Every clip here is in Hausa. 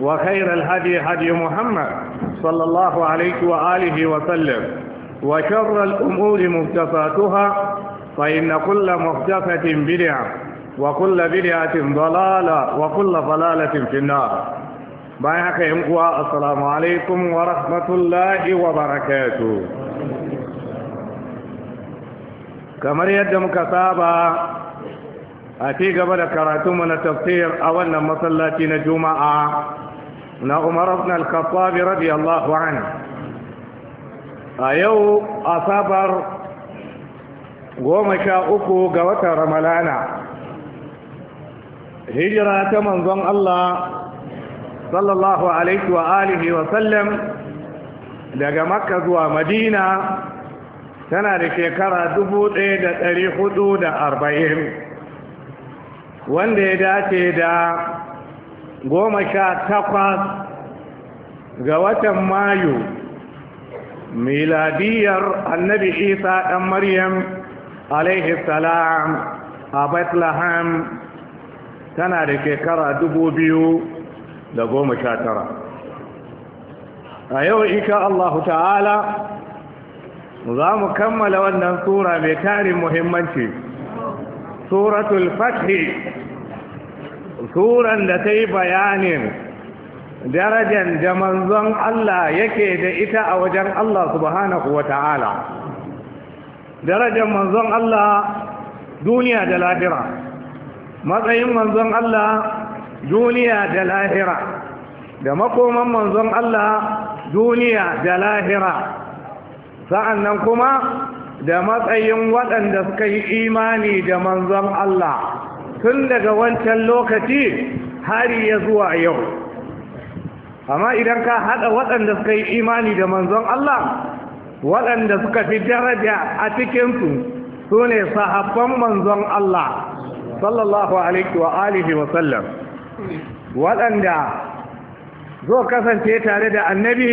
وخير الهدي هدي محمد صلى الله عليه وآله وسلم وشر الأمور مهدفاتها فإن كل مهدفة بدعة وكل بدعة ضلالة وكل ضلالة في النار بيحك يمقوى السلام عليكم ورحمة الله وبركاته kamar yadda muka saba a ci gaba da karatu mana tafsir a wannan masallaci na juma'a na umar ibn al-khattab radiyallahu anhu a yau asabar goma sha uku ga watan ramalana hijira ta manzon Allah sallallahu alaihi wa alihi wa sallam daga makka zuwa madina tana da shekara dubu ɗaya da da arba'in, wanda ya dace da goma sha takwas ga watan mayu miladiyar annabi isa ɗan maryam alaihi salam a bethlehem tana da shekara dubu biyu da goma sha tara a yau isha allahu ta'ala za mu kammala wannan sura mai tarin muhimmanci suratul fathi suran da ta yi bayanin darajar da manzon Allah yake da ita a wajen Allah subhanahu wa ta'ala darajar manzon Allah duniya da lahira matsayin manzon Allah duniya da lahira da makoman manzon Allah duniya da lahira nan kuma da matsayin waɗanda suka yi imani da manzon Allah tun daga wancan lokaci har ya zuwa yau amma idan ka haɗa waɗanda suka yi imani da manzon Allah waɗanda suka fi daraja a cikinsu su ne sahabban manzon Allah sallallahu alaihi wa alihi wa sallam waɗanda zo kasance tare da annabi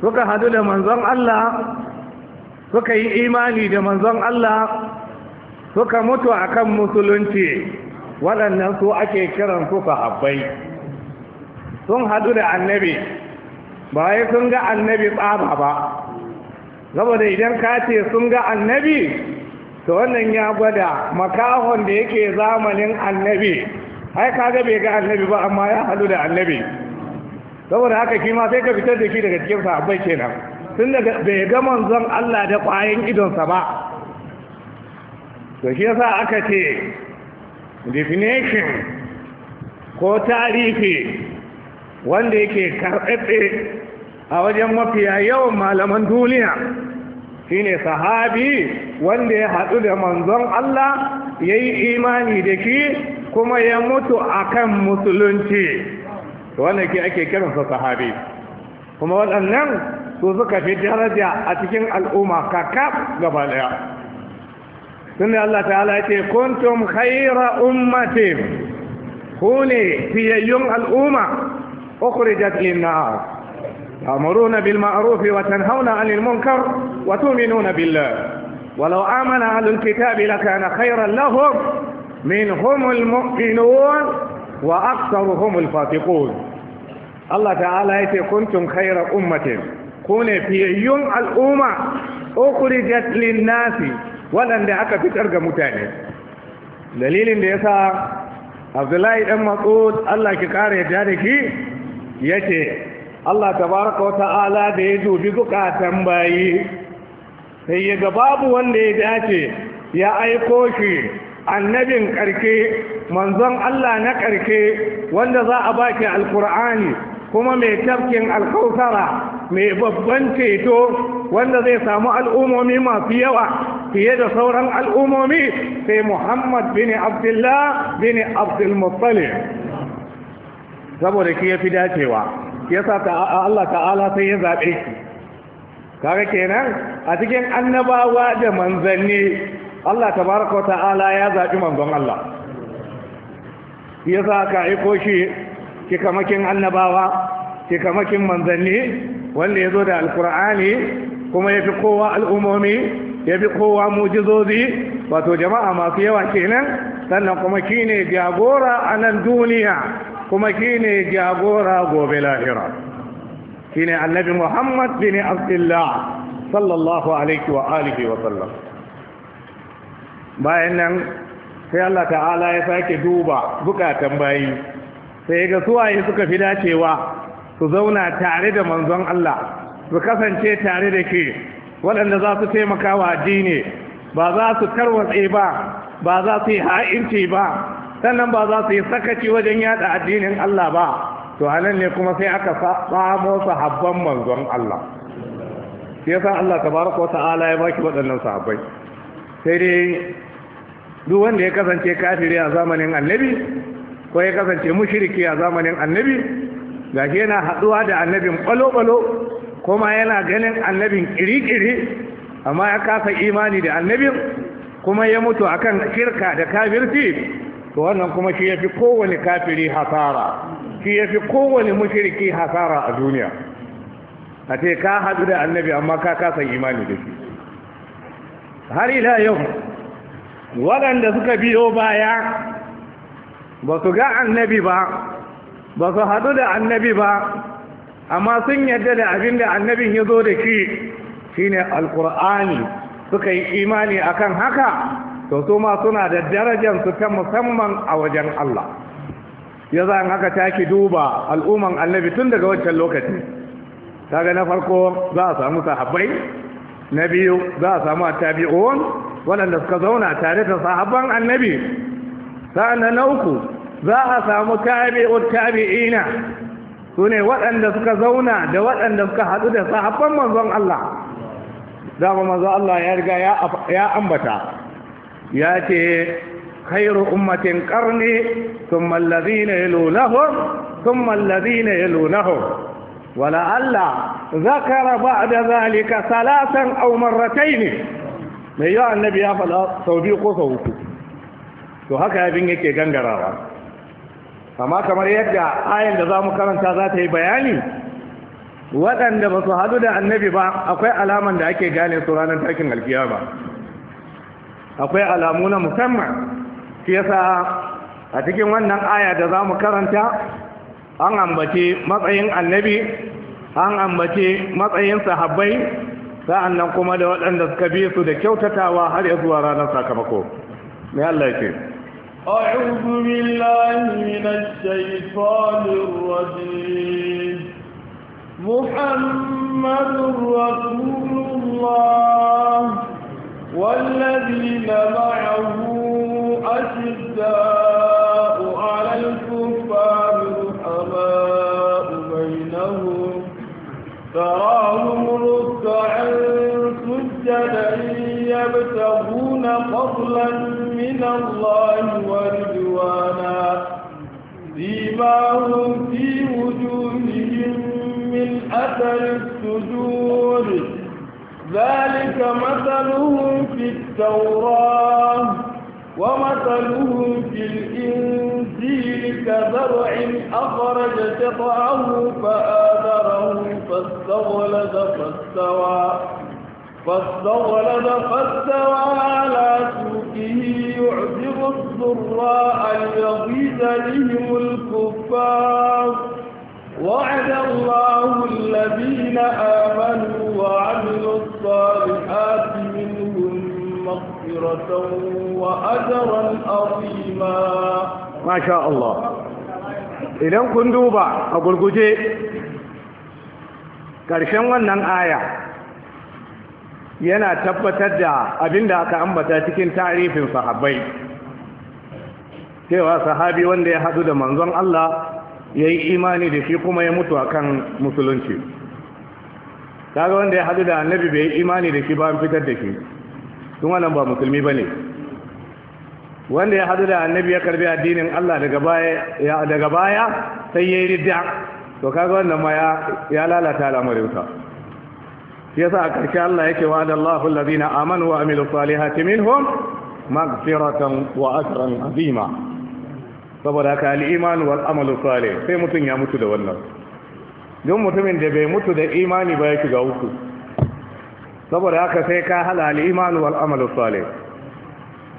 suka hadu da manzon Allah suka yi imani da manzon Allah suka mutu akan musulunci waɗannan su ake kiran su sahabbai sun haɗu da annabi ba yi sun ga annabi tsaba ba saboda idan kace sun ga annabi to wannan ya gwada makahon da yake zamanin annabi ai kaga bai ga annabi ba amma ya haɗu da annabi saboda haka shi ma sai ka fitar da ki daga cikin sahabbai kenan tun da bai ga manzon Allah da ƙwayan idonsa ba to shi yasa aka ce definition ko tarihi wanda yake karɓaɓɓe a wajen mafiya yawan malaman duniya shine sahabi wanda ya haɗu da manzon Allah ya yi imani da shi kuma ya mutu akan musulunci wanda ke ake kiransa sahabi kuma waɗannan su suka fi daraja a cikin al'umma kakka gaba ɗaya ثم الله تعالى يقول كنتم خير أمة قولي في يوم الأمة أخرجت للنار تأمرون بالمعروف وتنهون عن المنكر وتؤمنون بالله ولو آمن أهل الكتاب لكان خيرا لهم منهم المؤمنون وأكثرهم الفاتقون الله تعالى يقول كنتم خير أمة قولي في يوم الأمة أخرجت للناس waɗanda aka fitar ga mutane dalilin da ya sa abdullahi ɗan matsud allah ki ƙara yadda da ki ya ce allah tabaraka wa ta'ala da ya dubi bukatan bayi sai ya ga babu wanda ya dace ya aiko shi annabin ƙarke manzon allah na ƙarke wanda za a baki alkur'ani kuma mai tafkin alkausara mai babban ceto wanda zai samu al'umomi masu yawa fiye da sauran al'umomi sai muhammad bin abdullah bin abdulmuttalib saboda ki ya fi dacewa yasa Allah ta'ala sai ya zaɓe shi kaga kenan a cikin annabawa da manzanni Allah ta'ala ya zaɓi manzon Allah sa ka aiko shi kikamakin annabawa kikamakin manzanni wanda ya zo da alkur'ani kuma ya fi kowa al'umomi ya fi kowa mujizozi wato jama'a masu yawa kenan sannan kuma ne jagora a nan duniya kuma ne jagora gobe lahira shine annabi muhammad bin abdullah sallallahu alaihi wa alihi wa sallam bayan nan sai Allah ta'ala ya sake duba bukatan bayi sai ga suwaye suka fi dacewa su zauna tare da manzon Allah su kasance tare da ke waɗanda za su taimaka wa addini ba za su tarwatse ba ba za su yi ha'inci ba sannan ba za su yi sakaci wajen yada addinin Allah ba to halan ne kuma sai aka samo sahabban manzon Allah sai yasa Allah tabaraka ta'ala ya baki waɗannan sahabbai sai dai duk wanda ya kasance kafiri a zamanin annabi ko ya kasance mushriki a zamanin annabi gashi yana haɗuwa da annabin ɓalo-ɓalo kuma yana ganin annabin ƙiri-ƙiri amma ya kasa imani da annabin kuma ya mutu a kan shirka da kafirci to wannan kuma shi ya fi kowane kafiri hasara shi ya fi kowane mashirki hasara a duniya a ce ka haɗu da annabi amma ka kasa imani da shi har ila yau waɗanda suka biyo baya ba su ga annabi ba ba su haɗu da annabi ba amma sun yadda da abin da annabin ya zo da shi ne alkur'ani suka yi imani a kan haka to su ma suna da darajar su ta musamman a wajen Allah ya za haka ki duba al'umman annabi tun daga wancan lokaci kaga na farko za a samu sahabbai na biyu za a samu tabi'un waɗanda suka zauna tare da sahabban annabi sa'an na uku za a samu tabi'ut tabi'ina su ne waɗanda suka zauna da waɗanda suka haɗu da sahabban manzon Allah dama manzon Allah ya riga ya ambata ya ce khairu ummatin qarni thumma alladhina yalunahum thumma alladhina yalunahum wala Allah zakara ba'da zalika salatan aw marratayn mai yawa annabi ya faɗa sau biyu ko sau uku to haka abin yake gangarawa amma kamar yadda ayan da za mu karanta za ta yi bayani waɗanda ba su haɗu da annabi ba akwai alaman da ake gane su ranar takin ba akwai alamu na musamman shi yasa a cikin wannan aya da za mu karanta an ambace matsayin annabi an ambace matsayin sahabbai sa'annan kuma da waɗanda suka bi su da kyautatawa har ya zuwa ranar sakamako mai Allah ya ce أعوذ بالله من الشيطان الرجيم محمد رسول الله والذين معه أشداء على الكفار رحماء بينهم تراهم ركعا سجدين يبتغون فضلا من الله ورضوانا هم في وجوههم من أثر السجود ذلك مثلهم في التوراة ومثلهم في الإنجيل كزرع أخرج شطعه فآذره فاستغلد فاستوى فاستغلد فاستوى على سوقه يعذب الضراء ليغيظ بهم الكفار وعد الله الذين آمنوا وعملوا الصالحات منهم مغفرة وأجرا عظيما ما شاء الله idan kun duba a gurguje ƙarshen wannan aya yana tabbatar da abinda aka ambata cikin tarifin sahabbai cewa sahabi wanda ya hadu da manzon Allah ya yi imani da shi kuma ya mutu akan musulunci kaga wanda ya hadu da annabi bai yi imani da shi ba an fitar da shi tun wannan ba musulmi ba ne wanda ya hadu da annabi ya karbi addinin Allah daga baya sai ya yi ridda to kaga wannan ma ya lalata al'amarinsa yasa a ƙarshe Allah yake wa'ada Allahu na amanu wa amilu salihati minhum maghfiratan wa ajran azima saboda ka al-iman wal amalu salih sai mutum ya mutu da wannan don mutumin da bai mutu da imani ba ya shiga uku saboda haka sai ka hala al-iman wal amalu salih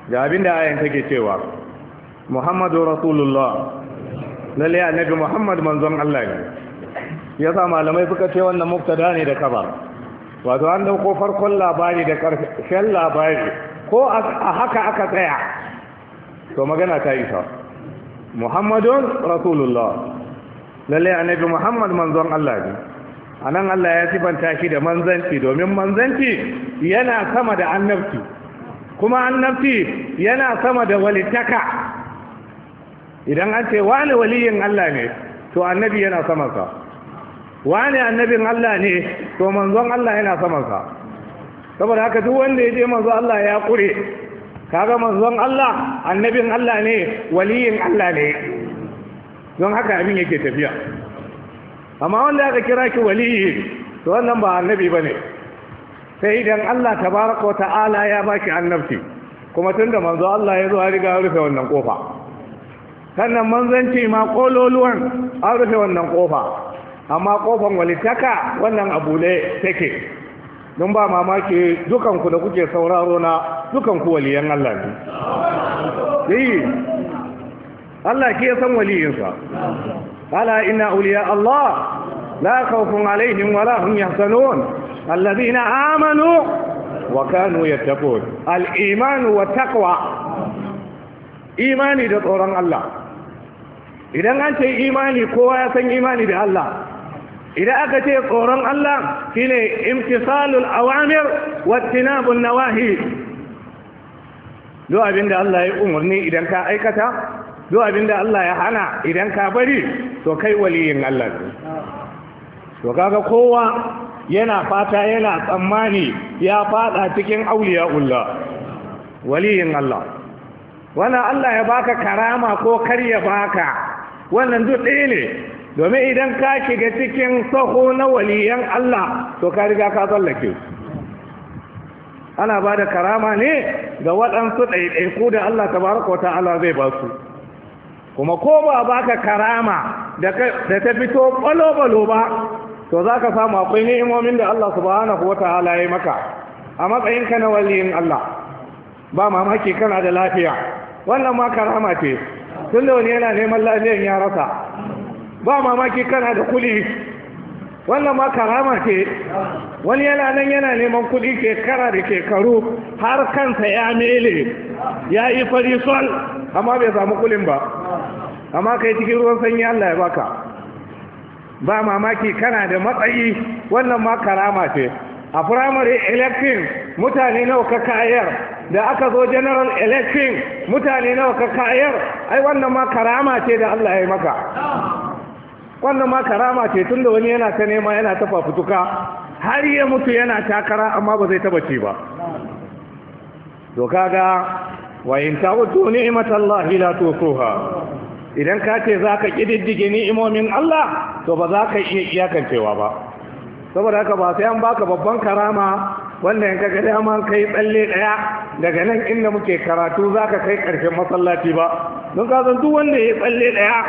da abinda ayan take cewa Muhammadu Rasulullah lalle annabi Muhammad manzon Allah ne yasa malamai suka ce wannan muktada ne da kabar wato an dauko farkon labari da karshen labari ko a haka aka tsaya to magana ta isa muhammadun rasulullah lallai annabi muhammad manzon Allah ne a nan Allah ya sifanta shi da manzanci domin manzanci yana sama da annabci kuma annabci yana sama da walittaka idan an ce wani waliyin Allah ne to annabi yana sama samansa wani annabin Allah ne to manzon Allah yana samansa saboda haka duk wanda ya je manzon Allah ya kure kaga manzon Allah annabin Allah ne waliyin Allah ne don haka abin yake tafiya amma wanda aka kira ki waliyi to wannan ba annabi bane sai idan Allah tabaraka wa ta'ala ya baki annabci kuma tunda manzo Allah ya zo ya riga rufe wannan kofa sannan manzanci ma kololuwan an rufe wannan kofa amma kofan walitaka wannan abu ne take don ba mamaki dukanku da kuke sauraro na dukanku waliyan Allah ne yi Allah ke san waliyinsa ala ina auliya Allah la hum yahzanun alladhina amanu wa kanu yattaqun al-iman wa taqwa Imani da tsoron Allah idan an ce imani kowa ya san imani da Allah idan aka ce tsoron Allah shine imtisalul awamir wattinabun nawahi duk abinda Allah ya umarni idan ka aikata duk abinda Allah ya hana idan ka bari to kai waliyin Allah ne to kaga kowa yana fata yana tsammani ya fada cikin auliya'ullah waliyin Allah wannan Allah ya baka karama ko kar ya baka wannan duk ɗaya ne domin idan ka shiga cikin saho na waliyan Allah to ka riga ka tsallake ana ba da karama ne ga waɗansu ɗaiɗaiku da Allah Ta tabaraka ta'ala zai ba su kuma ko ba baka karama da ta fito ƙwalo-ƙwalo ba to za ka samu akwai ni'imomin da Allah subhanahu wa ta'ala ya maka a ka na waliyin Allah ba mamaki kana da lafiya wannan ma karama ce tun da wani yana neman lafiyan ya rasa ba mamaki kana da kuɗi wannan ma karama ce wani yana nan yana neman kuɗi shekara da shekaru har kansa ya mele ya yi fari sol amma bai samu kulin ba amma kai cikin ruwan sanyi Allah ya baka ba mamaki kana da matsayi wannan ma karama ce a firamare election mutane nawa ka kayar da aka zo general election mutane nawa ka kayar ai wannan ma karama ce da Allah ya maka wannan ma karama ce tun da wani yana ta nema yana ta fafutuka har ya mutu yana takara amma ba zai taba ci ba to kaga wa in ta'udu ni'matallahi la tusuha idan ka ce za ka ƙididdige ni'imomin Allah to ba za ka iya iyakancewa ba saboda haka ba sai an baka babban karama wanda yanka ga dama kai tsalle ɗaya daga nan inda muke karatu za ka kai ƙarshen masallaci ba don ka duk wanda ya yi tsalle ɗaya.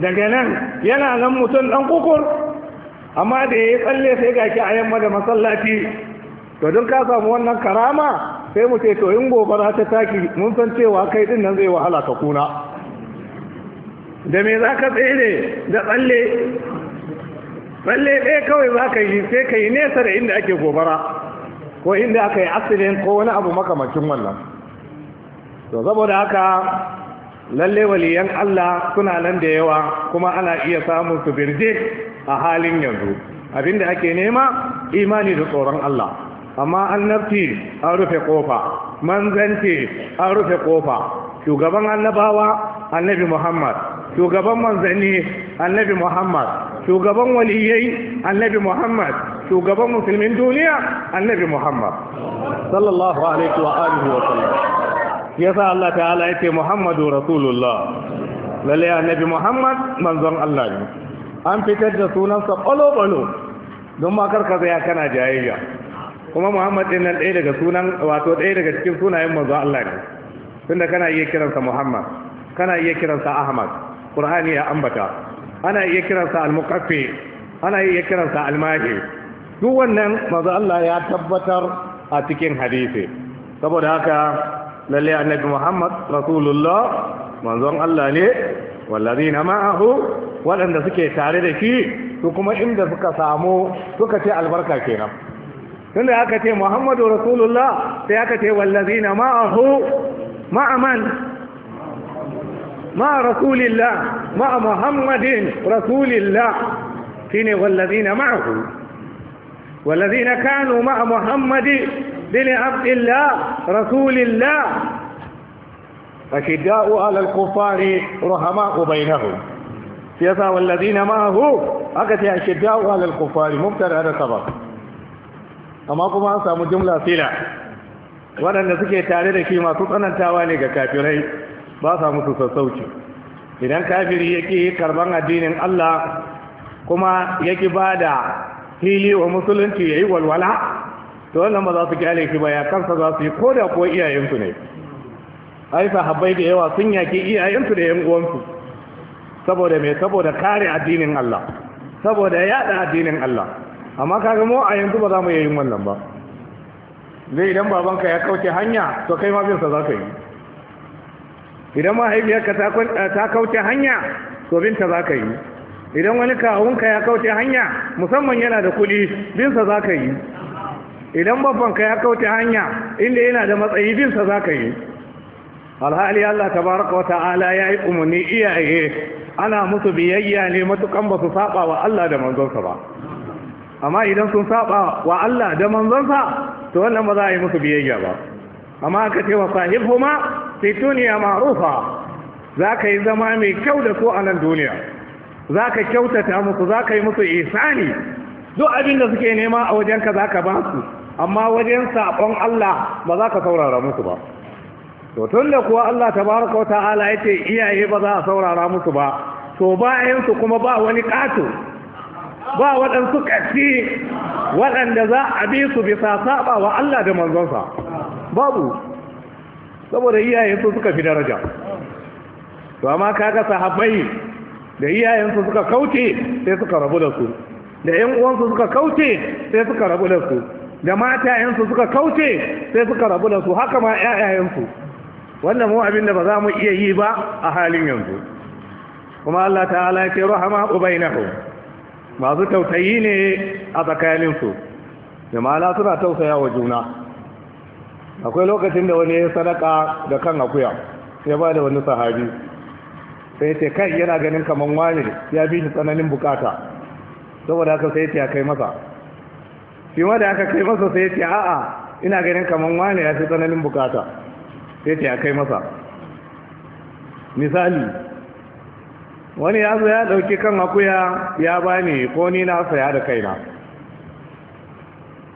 daga nan yana nan mutum ɗan kukur amma da ya yi tsalle sai ga shi a yamma da masallaci to don ka samu wannan karama sai mu ce to in gobara ta taki mun san cewa kai din nan zai wahala ka kuna da me za ka tsere da tsalle tsalle ɗaya kawai za ka yi sai ka yi nesa da inda ake gobara ko inda aka yi accident ko wani abu makamancin wannan to saboda haka lalle waliyan Allah suna nan da yawa kuma ana iya samun su birje a halin yanzu abinda ake nema imani da tsoron Allah amma annabci an rufe kofa manzanci an rufe kofa shugaban annabawa annabi Muhammad shugaban manzanni annabi Muhammad shugaban waliyai annabi Muhammad shugaban musulmin duniya annabi Muhammad sallallahu alaihi wa alihi wa sallam shi yasa Allah ta'ala yake Muhammadu Rasulullah lalle annabi Muhammad manzon Allah ne an fitar da sunansa kwalo-kwalo don ma karka zaya kana jayayya kuma Muhammad din nan ɗaya daga sunan wato ɗaya daga cikin sunayen manzon Allah ne tunda kana iya kiransa Muhammad kana iya kiransa Ahmad Qur'ani ya ambata ana iya kiransa Al-Muqaffi ana iya kiransa Al-Mahi duk wannan manzon Allah ya tabbatar a cikin hadisi saboda haka lalle annabi muhammad rasulullah manzon Allah ne wallazina ma'ahu waɗanda suke tare da shi su kuma inda suka samu suka ce albarka kenan tunda aka ce muhammadu rasulullah sai aka ce wallazina ma'ahu ma'aman ma'a rasulillah ma'a muhammadin rasulillah shine wallazina ma'ahu wallazina kanu ma'a muhammadin بن عبد الله رسول الله أشداء على الكفار رحماء بينهم سياسة والذين معه أكت أشداء على الكفار مبتر هذا خبر أما كما أنسى جملة سلع waɗanda suke tare da shi masu tsanantawa ne ga kafirai basa musu sassauci idan kafiri yake karban addinin Allah kuma yake ba da hili wa musulunci ya yi walwala to wannan ba za su kyale shi ba ya kansa za su yi ko da kuwa iyayensu ne ai sahabbai da yawa sun yaki iyayensu da yan uwansu saboda me saboda kare addinin Allah saboda yada addinin Allah amma kaga mu a yanzu ba za mu yi wannan ba zai idan babanka ya kauce hanya to kai ma bin sa zaka yi idan mahaifiyarka ta kauce hanya to bin ta zaka yi idan wani kawunka ya kauce hanya musamman yana da kuɗi bin sa zaka yi idan babbanka ya kauce hanya inda yana da matsayi binsa za ka yi alhali Allah tabaraka wa ta'ala ya yi umarni iyaye ana musu biyayya ne matukan ba su saba wa Allah da manzonsa ba amma idan sun saba wa Allah da manzonsa to wannan ba za a yi musu biyayya ba amma aka ce wa sahibhuma fi duniya ma'rufa za ka yi zama mai kyau da su a nan duniya za ka kyautata musu za ka yi musu ihsani duk abin da suke nema a wajenka za ka ba su amma wajen saƙon Allah ba za ka saurara musu ba to tun da kuwa Allah tabaraka wa ta'ala ya ce iyaye ba za a saurara musu ba to bayansu kuma ba wani ƙato ba waɗansu ƙarfi waɗanda za a bi su bisa saɓa wa Allah da manzonsa babu saboda iyayensu suka fi daraja to amma kaga sahabbai da iyayensu suka kauce sai suka rabu da su da ƴan uwansu suka kauce sai suka rabu da su da matayensu suka kauce sai suka rabu da su haka ma ƴaƴayensu wannan mu abin da ba za mu iya yi ba a halin yanzu kuma Allah ta'ala ya ce rahama ubainahu masu tausayi ne a tsakaninsu jama'a suna tausaya wa juna akwai lokacin da wani ya sadaka da kan akuya ya ba da wani sahabi sai ce kai yana ganin kamar wani ya bi shi tsananin bukata saboda haka sai ya kai masa shi ma da aka kai masa sai ce a'a ina ganin kamar wane ya fi tsananin bukata sai ce a kai masa misali wani ya zo ya ɗauki kan akuya ya bani ko ni na saya da kaina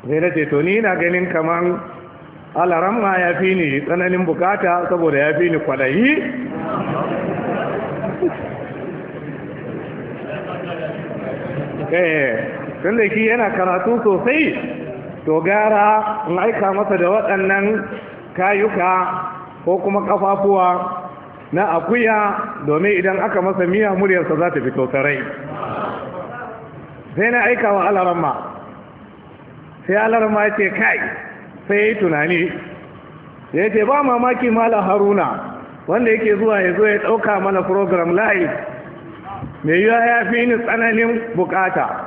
sai na ce to ni ina ganin kamar alaramma ya fi ni tsananin bukata saboda ya fi ni kwadayi eh tun yana karatu sosai to gara in aika masa da waɗannan kayuka ko kuma ƙafafuwa na akuya domin idan aka masa miya muryarsa za ta fito sarai sai na aika wa alarama sai alarama ya ce kai sai ya yi tunani ya ce ba mamaki mala haruna wanda yake zuwa ya zo ya ɗauka mana program live mai yiwa ya fi ni tsananin bukata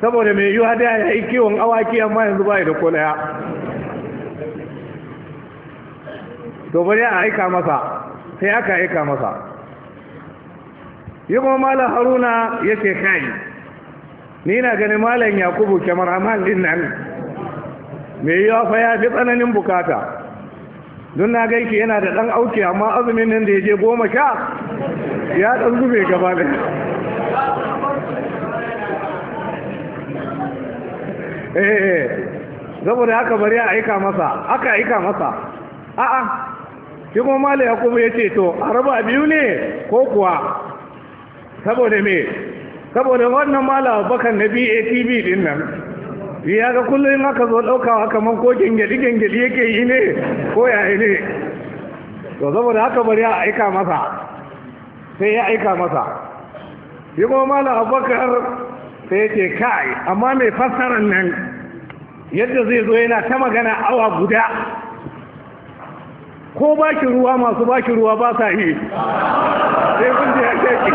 saboda mai yiwuwa da ya yi kiwon awaki amma yanzu ba da ko to bari a aika masa sai aka aika masa yi kuma malam haruna ya ce kai ni na gani malam yakubu kyamar amal din nan mai yiwuwa fa ya fi tsananin bukata don na gaiki yana da ɗan auki amma azumin nan da ya je goma sha ya ɗan zube gaba da Eh, saboda haka bari a aika masa aka aika masa a'a shi kuma ya kuma ya ce to a raba biyu ne ko kuwa saboda me saboda wannan mala bakan na batv din nan ya ga kullum aka zo ɗaukawa kamar ko gengeli gengeli yake yi ne ko ya yi ne to saboda haka bari a aika masa sai ya aika masa shi kuma mala abubakar sai ce kai amma mai fassarar nan yadda zai zo yana ta magana awa guda ko ba ki ruwa masu ba ki ruwa ba sa yi sai kun ji yake ki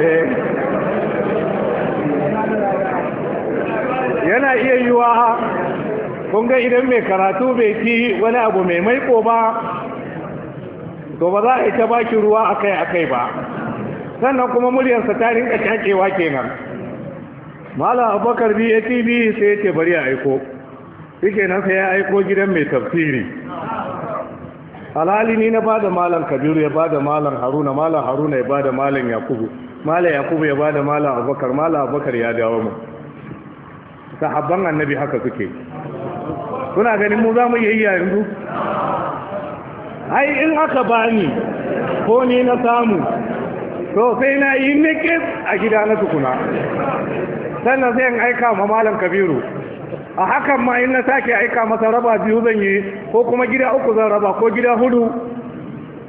eh. yana iya yiwa kun ga idan mai karatu bai fi wani abu mai maiko ba to ba za a ita ba ki ruwa akai-akai ba sannan kuma muryarsa ta rinka cancewa kenan Malam abubakar bi ya sai ya ce bari a aiko shike nan sai ya aiko gidan mai tafsiri alhali ni na bada malam kabiru ya bada malam haruna malam haruna ya bada malam yakubu malam yakubu ya bada malam abubakar malam abubakar ya dawo mu sahabban annabi haka suke kuna ganin mu za mu iya yanzu ai in aka bani ko ni na samu to sai na yi nikit a gida na tukuna sannan sai in aika ma malam kabiru a hakan ma in na sake aika masa raba biyu zan yi ko kuma gida uku zan raba ko gida hudu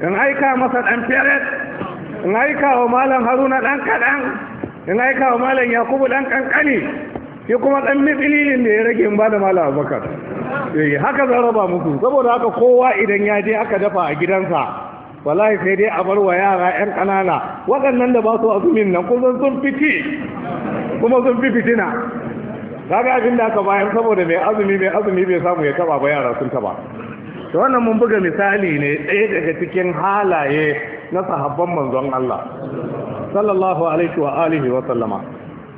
in aika masa dan feret in aika wa malam haruna dan kadan in aika wa malam yakubu dan kankani shi kuma dan mitsililin da ya rage in ba da malam abubakar Eh, haka zan raba muku saboda haka kowa idan ya je aka dafa a gidansa wallahi sai dai a bar wa yara yan kanana waɗannan da ba su azumin nan kusan sun fiti kuma sun fi fitina kaga abin da aka bayan saboda mai azumi mai azumi bai samu ya taba ba yara sun taba to wannan mun buga misali ne ɗaya daga cikin halaye na sahabban manzon Allah sallallahu alaihi wa alihi wa sallama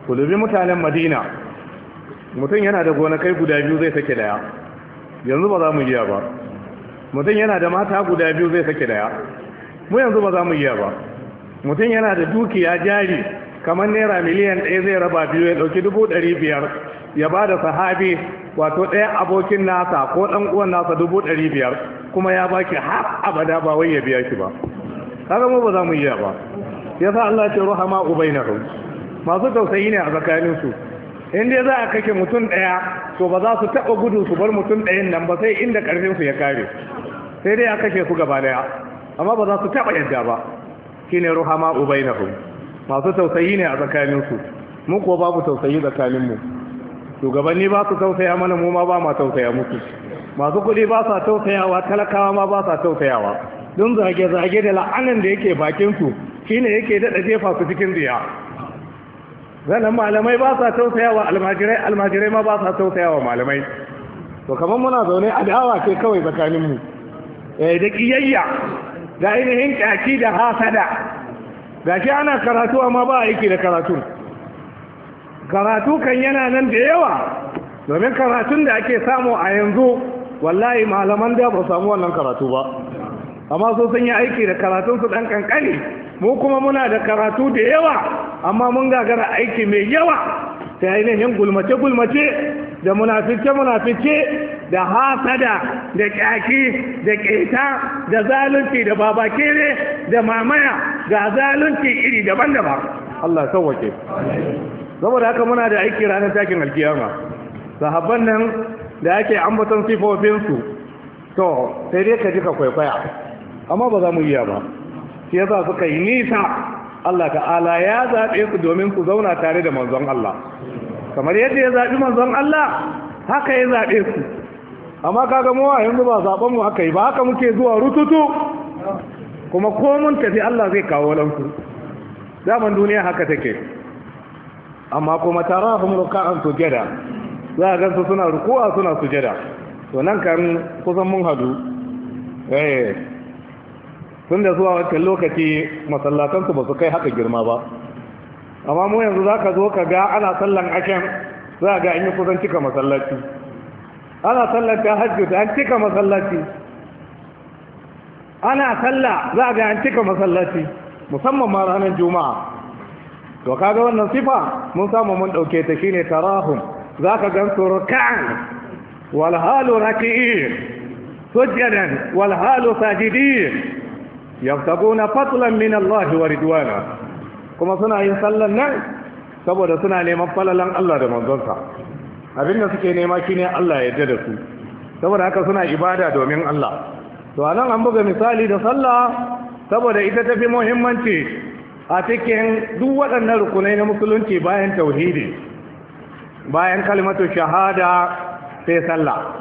ku dubi mutanen Madina mutum yana da kai guda biyu zai sake daya yanzu ba za mu yi ba mutum yana da mata guda biyu zai sake daya mu yanzu ba za mu yi ba mutum yana da dukiya jari kamar naira miliyan ɗaya zai raba biyu ya ɗauki dubu ɗari biyar ya ba da sahabi wato ɗaya abokin nasa ko ɗan uwan nasa dubu ɗari biyar kuma ya baki har abada ba wai ya biya ki ba kaga mu ba za mu yi ba Ya sa Allah ce rahama ubainahum masu tausayi ne a tsakaninsu in dai za a kake mutum ɗaya to ba za su taɓa gudu su bar mutum ɗayan nan ba sai inda su ya kare sai dai a kashe su gaba daya amma ba za su taɓa yadda ba shine ruhama ubainahu masu tausayi ne a tsakaninsu mu ko babu tausayi tsakaninmu shugabanni ba su tausaya mana mu ma ba ma tausaya musu masu kuɗi ba sa tausayawa talakawa ma ba sa tausayawa don zage-zage da la'anan da yake bakinsu ne yake daɗa jefa su cikin ziya zanen malamai ba sa tausaya wa almajirai almajirai ma ba sa tausaya wa malamai to kamar muna zaune a da'awa ke kawai tsakaninmu eh da kiyayya da ainihin kyaki da hasada shi ana karatu amma ba a aiki da karatu karatu kan yana nan da yawa domin karatun da ake samu a yanzu wallahi malaman da ba samu wannan karatu ba amma so sun yi aiki da karatunsu ɗan dan kankani mu kuma muna da karatu da yawa amma mun gagara aiki mai yawa ta ainihin gulmace gulmace da munafice munafice da hasada da kyaki da keta da zalunci da babakere da mamaya ga zalunci iri daban-daban Allah sauwake saboda haka muna da aiki ranar takin alkiyama sahabban nan da ake ambaton sifofinsu to sai dai ka ji ka kwaikwaya amma ba za mu iya ba shi yasa suka yi nisa Allah ta'ala ya zaɓe ku domin ku zauna tare da manzon Allah kamar yadda ya zaɓi manzon Allah haka ya zaɓe ku amma kaga mu yanzu ba zaɓen mu aka yi ba haka muke zuwa rututu kuma ko mun tafi Allah zai kawo lanku zaman duniya haka take amma kuma tarahum ruk'an sujada za ga su suna ruku'a suna sujada to nan kan kusan mun hadu eh tun da zuwa wancan lokaci masallatansu ba su kai haka girma ba amma mu yanzu za ka zo ka ga ana sallan ashen za ga an yi kusan cika masallaci ana sallan ta hajjud an cika masallaci ana salla za ga an cika masallaci musamman ma ranar juma'a to kaga wannan sifa mun samu mun dauke ta shine tarahum Za ka gan su ruk'an walhalu halu raki'in sujadan wal sajidin yabtaguna fatlan min Allah wa ridwana kuma suna yin sallan nan saboda suna neman falalan Allah da manzonsa abinda suke nema shine Allah ya da su saboda haka suna ibada domin Allah to anan an buga misali da sallah saboda ita tafi muhimmanci a cikin duk waɗannan rukunai na musulunci bayan tauhidi bayan kalmatu shahada sai sallah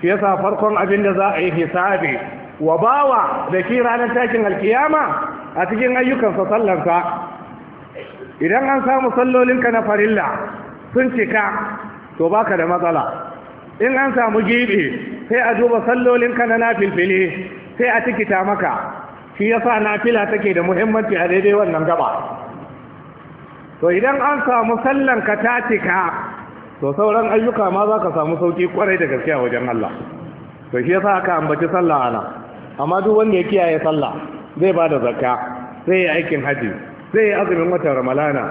shi yasa farkon abin da za a yi hisabi wa bawa da shi ranar takin alkiyama a cikin ayyukansa sallansa idan an samu sallolinka na farilla sun cika to baka da matsala in an samu gibi sai a duba sallolinka na nafilfili sai a tikita maka shi sa nafila take da muhimmanci a daidai wannan gaba to idan an samu sallanka ta cika to sauran ayyuka ma za ka samu sauki kwarai da gaskiya wajen Allah to shi sa aka ambaci sallah ana amma duk wanda ya kiyaye sallah zai ba da zakka zai yi aikin haji zai yi azumin watan ramalana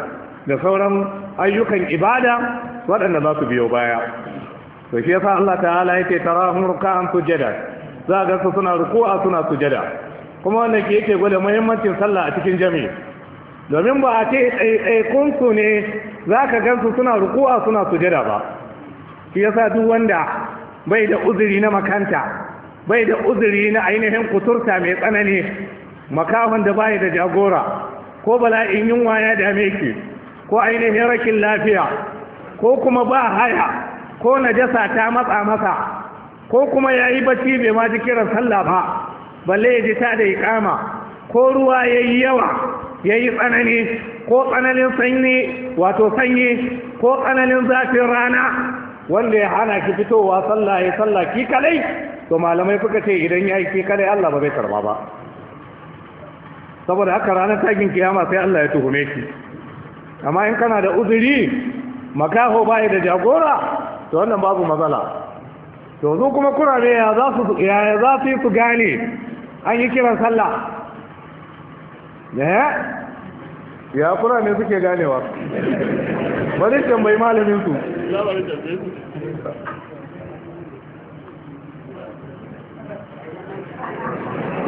da sauran ayyukan ibada waɗanda za su biyo baya to shi yasa Allah ta'ala yake tarahum ruk'an sujada za ga su suna ruku'a suna sujada kuma wannan ke yake gwada muhimmancin sallah a cikin jami'i domin ba a ce ɗaiɗaikun su ne za ka su suna ruku'a suna sujada ba shi yasa duk wanda bai da uzuri na makanta bai da uzuri na ainihin kuturta mai tsanani makahon da bai da jagora ko bala'in yunwa ya dame ki ko ainihin rakin lafiya ko kuma ba haya ko najasa ta matsa masa ko kuma ya yi bacci bai ma ji kiran sallah ba balle ya ji ta da ikama ko ruwa ya yi yawa ya yi tsanani ko tsananin sanyi wato sanyi ko tsananin zafin rana wanda ya hana ki fitowa sallah ya sallah ki kalai to malamai suka ce idan ya yi kadai Allah ba bai karba ba saboda haka ranar takin kiyama sai Allah ya tuhume shi amma in kana da uzuri makaho bai da jagora to wannan babu matsala to zo kuma kurare ya za su ya za su su gane an yi kiran sallah ne eh? ya ne suke ganewa wani bai malamin su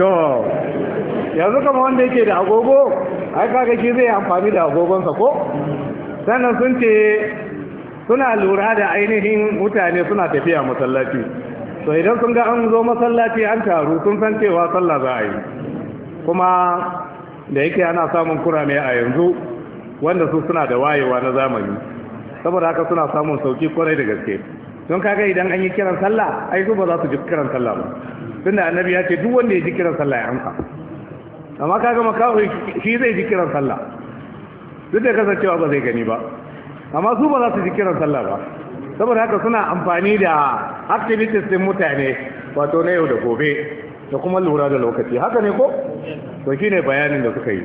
to yanzu kama wanda yake da agogo ai kaga shi zai amfani da agogonsa ko sannan sun ce suna lura da ainihin mutane suna tafiya masallaci to idan sun ga an zo masallaci an taru sun san cewa sallah za a yi kuma da yake ana samun kurame a yanzu wanda su suna da wayewa na zamani saboda haka suna samun sauki kwarai da gaske don kaga idan an yi kiran sallah ai su ba za su ji kiran sallah ba tunda annabi ya ce duk wanda ya ji kiran sallah ya amsa amma kaga makawo shi zai ji kiran sallah duk da kasancewa ba zai gani ba amma su ba za su ji kiran sallah ba saboda haka suna amfani da activities din mutane wato na yau da gobe da kuma lura da lokaci haka ne ko to shine bayanin da suka yi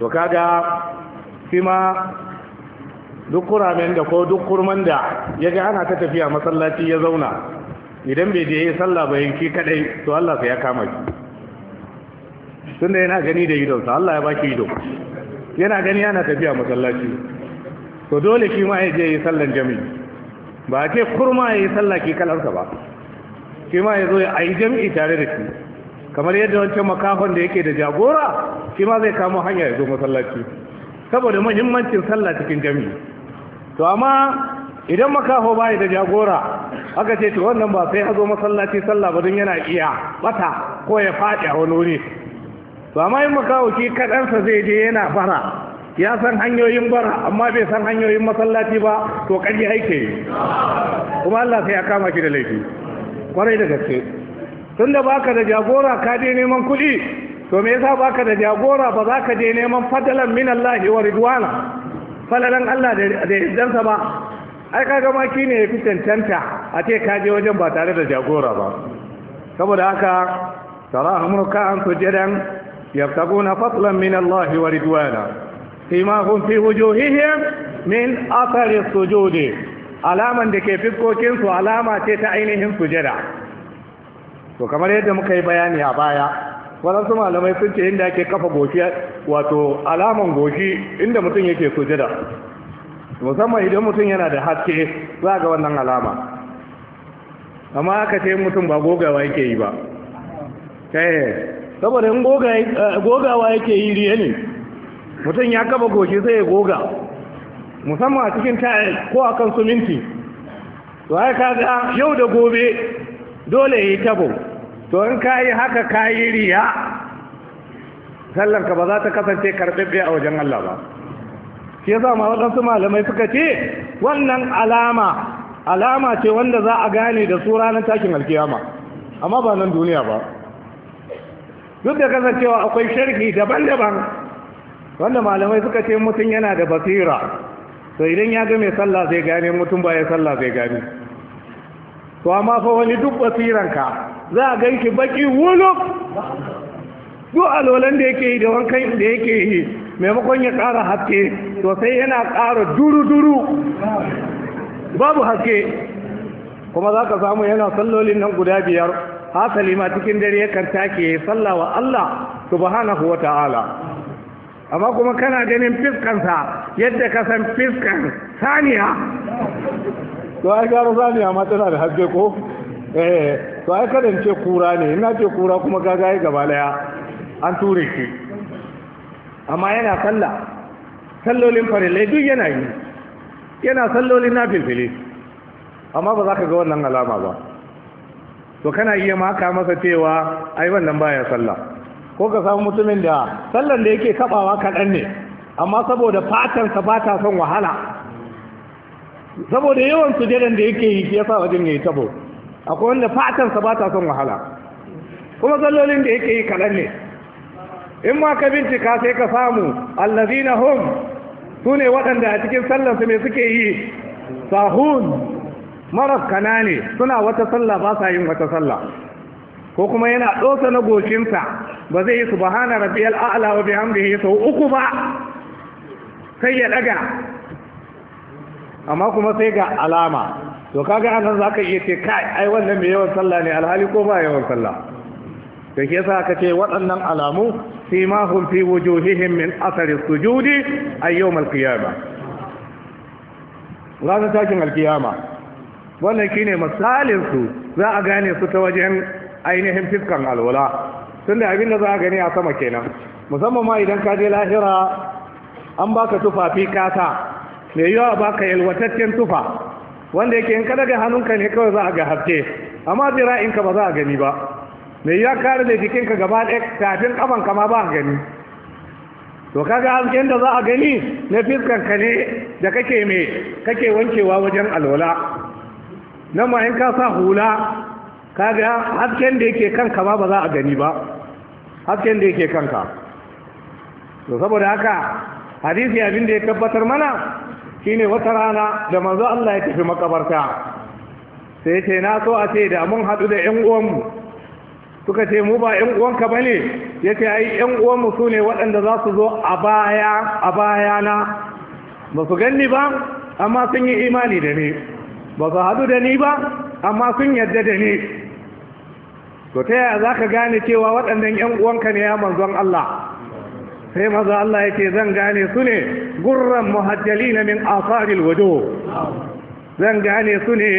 to kaga shi ma duk kuramen da ko duk kurman da ya ga ana ta tafiya masallaci ya zauna idan bai je ya sallah ba yanki kadai to Allah sai ya kama shi tun da yana gani da idonsa Allah ya baki ido yana gani yana tafiya masallaci to dole shi ma ya je yi sallan jami'i ba ce kurma ya yi sallaki kalarsa ba shi ma ya zo ya yi jami'i tare da shi kamar yadda wancan makahon da yake da jagora shi ma zai kamo hanya ya zo masallaci saboda muhimmancin sallah cikin jami'i to amma idan makaho baya da jagora aka ce to wannan ba sai hazo masallaci sallah ba don yana iya bata ko ya faɗi a wani wuri to amma in makaho ki kaɗansa zai je yana bara ya san hanyoyin bara amma bai san hanyoyin masallaci ba to ƙarfi aike kuma Allah sai ya kama ki da laifi kwarai da gaske tun da baka da jagora ka je neman kuɗi to me yasa baka da jagora ba za ka je neman fadalan min Allah wa ridwana falalan Allah da yardansa ba ai kaga ma kine ya fi cancanta a ce ka je wajen ba tare da jagora ba saboda haka tarahum ruk'an sujadan yabtaguna fadlan min Allah wa ridwana fima hum fi wujuhihim min athar as-sujud alaman da ke fiskokin su alama ce ta ainihin sujada to kamar yadda muka yi bayani a baya su malamai sun ce inda ake kafa goshi wato alaman goshi inda mutum yake sujada musamman idan mutum yana da haske za ga wannan alama amma aka ce mutum ba gogawa yake yi ba kai eh, saboda in eh, gogawa yake yi riye ne mutum ya kafa goshi sai ya goga musamman a cikin tayar ko a kan suminti to ai yau da gobe dole ya yi tabo to in ka yi haka ka yi riya sallarka ba za ta kasance karɓaɓɓe a wajen Allah ba shi yasa ma waɗansu malamai suka ce wannan alama alama ce wanda za a gane da su ranar takin alkiyama amma ba nan duniya ba duk da kasancewa akwai sharhi daban-daban wanda malamai suka ce mutum yana da basira to idan ya ga mai sallah zai gane mutum ba ya sallah zai gane to amma fa wani duk basiranka za a gan shi baki wuluk duk alwalan da yake yi da wankan da yake yi maimakon ya ƙara haske to sai yana ƙara duru-duru babu haske kuma za ka samu yana sallolin nan guda biyar hasali ma cikin dare yakan take ya salla wa Allah subhanahu wa ta'ala amma kuma kana ganin fiskansa yadda ka san fiskan saniya to ai gara saniya ma tana da haske ko eh to ai kadan ce kura ne ina ce kura kuma ga gaye gaba daya an ture ki amma yana sallah sallolin farillai duk yana yi yana sallolin na filfili amma ba za ka ga wannan alama ba to kana iya maka masa cewa ai wannan baya sallah ko ka samu mutumin da sallan da yake kabawa kaɗan ne amma saboda fatan sa ba ta son wahala saboda yawan sujadan da yake yi ya sa wajen ya yi tabo akwai wanda fatansa ba ta son wahala kuma zallolin da yake yi kaɗan ne in ma ka bincika sai ka samu allazina hum su ne waɗanda a cikin su mai suke yi sahun maras kana suna wata sallah ba sa yin wata sallah ko kuma yana ɗosa na goshinsa ba zai yi subhana rabbiyal a'la wa bihamdihi sau uku ba sai ya daga amma kuma sai ga alama to kaga anan za ka iya ce kai ai wannan mai yawan sallah ne alhali ko ba yawan sallah da ke sa ka ce waɗannan alamu fi ma fi wujuhihim min athari sujudi a yawm alqiyama ranar takin alkiyama wannan kine misalin su za a gane su ta wajen ainihin fiskan alwala tunda abin da za a gani a sama kenan musamman ma idan ka je lahira an baka tufafi kasa me yawa baka yalwataccen tufa wanda yake in kada da hannunka ne kawai za a ga hafte amma zira'inka ba za a gani ba mai ya kare da jikinka gaba ɗaya tafin ƙafanka ma ba a gani to kaga hasken da za a gani na fiskanka ne da kake mai kake wankewa wajen alwala nan ma in ka sa hula kaga hasken da yake kanka ma ba za a gani ba hasken da yake kanka to saboda haka hadisi abin da ya tabbatar mana shine wata rana da manzo Allah ya tafi makabarta sai ce na so a ce da mun haɗu da ƴan uwanmu suka ce mu ba ƴan uwanka ba ne ya ce ai ƴan uwanmu su ne waɗanda za su zo a baya a bayana ba su ganni ba amma sun yi imani da ni ba su haɗu da ni ba amma sun yarda da ni to ta yaya za ka gane cewa waɗannan ƴan uwanka ne ya manzon Allah sai maza Allah ya ce zan gane su ne gurran muhajjali na min asaril wado zan gane su ne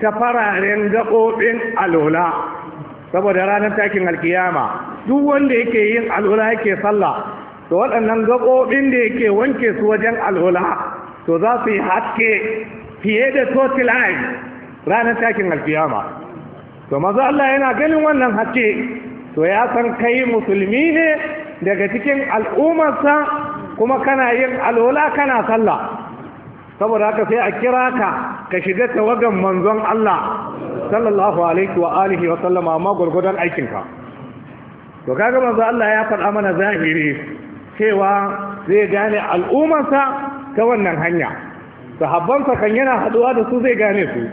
ta fararen gaɓoɓin alola saboda ranar takin alkiyama duk wanda yake yin alola yake sallah to waɗannan gaɓoɓin da yake wanke su wajen alola to za su yi haske fiye da totilayin ranar takin alkiyama to maza Allah yana ganin wannan haske to ya san kai musulmi ne daga cikin al'ummarsa kuma kana yin alwala kana sallah saboda haka sai a kira ka ka shiga tawagan manzon Allah sallallahu alaihi wa alihi wa sallama amma gurgudan aikinka to kaga manzo Allah ya faɗa mana zahiri cewa zai gane al'ummarsa ta wannan hanya sahabbansa kan yana haduwa da su zai gane su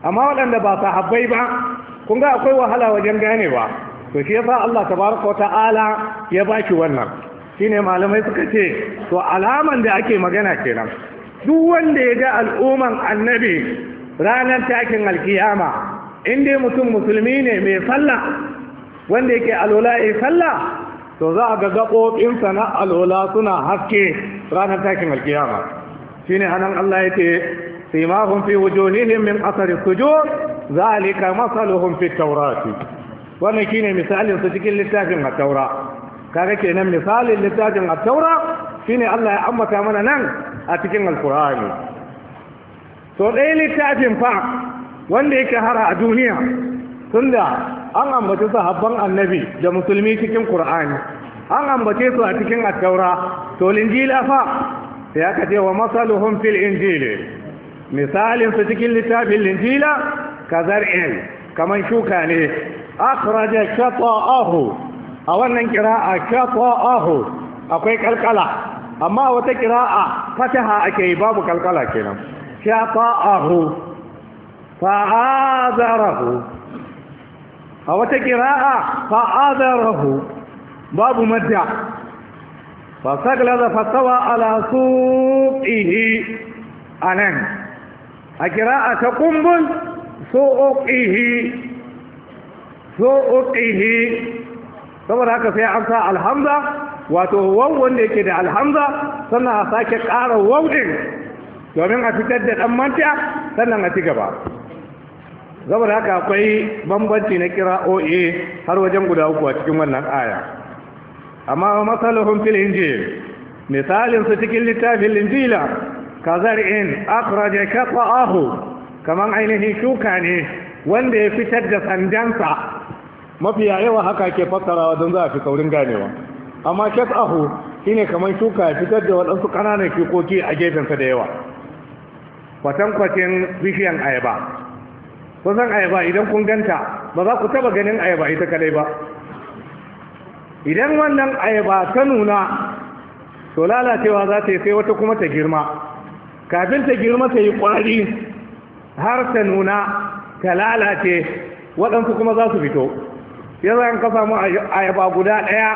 amma waɗanda ba sahabbai ba kun ga akwai wahala wajen ganewa to shi yasa Allah tabaraka wata'ala ta'ala ya baki wannan shine malamai suka ce to alaman da ake magana kenan duk wanda ya ga al'umman annabi ranar takin alkiyama in dai mutum musulmi ne mai sallah wanda yake alola ya sallah to za a ga gaɓoɓinsa na alola suna haske ranar takin alkiyama shi ne Allah ya ce simahun fi wujohihim min asari sujud zalika masaluhum fi taurati wannan shine misalin su cikin littafin at-taura kaga kenan misalin littafin at-taura shine Allah ya ambata mana nan a cikin alkur'ani to littafin fa wanda yake hara a duniya tunda an ambaci sahabban annabi da musulmi cikin qur'ani an ambace su a cikin at-taura to linjila fa sai aka ce wa masaluhum fil injili misalin su cikin littafin linjila kazar'in kamar shuka ne akhraja shata'ahu a wannan kira'a shata'ahu akwai kalkala amma wata kira'a fataha ake yi babu kalkala kenan shata'ahu a wata kira'a fa'azarahu babu madda فاستغلظ فاستوى على سوقه أنان su'uqihi su'uqihi saboda haka sai an sa alhamza wato waw wanda yake da alhamza sannan a sake ƙara waw domin a fitar da ɗan manta sannan a ci gaba saboda haka akwai bambanci na kira'o'i har wajen guda uku a cikin wannan aya amma masalahun filin injil misalin su cikin littafin injila kazar'in akhraja qata'ahu kamar ainihin shuka ne wanda ya fitar da sandansa mafiya yawa haka ke fassarawa don za a fi saurin ganewa amma shi shine kamar shuka ya fitar da waɗansu ƙananan shukoki a gefensa da yawa kwatankwacin bishiyan ayaba kusan ayaba idan kun ganta ba za ku taba ganin ayaba ita kadai ba idan wannan ayaba ta nuna to lalacewa za ta yi sai wata kuma ta girma kafin ta girma ta yi ƙwari har ta nuna ta lalace waɗansu kuma za su fito yanzu an ka samu ayaba guda ɗaya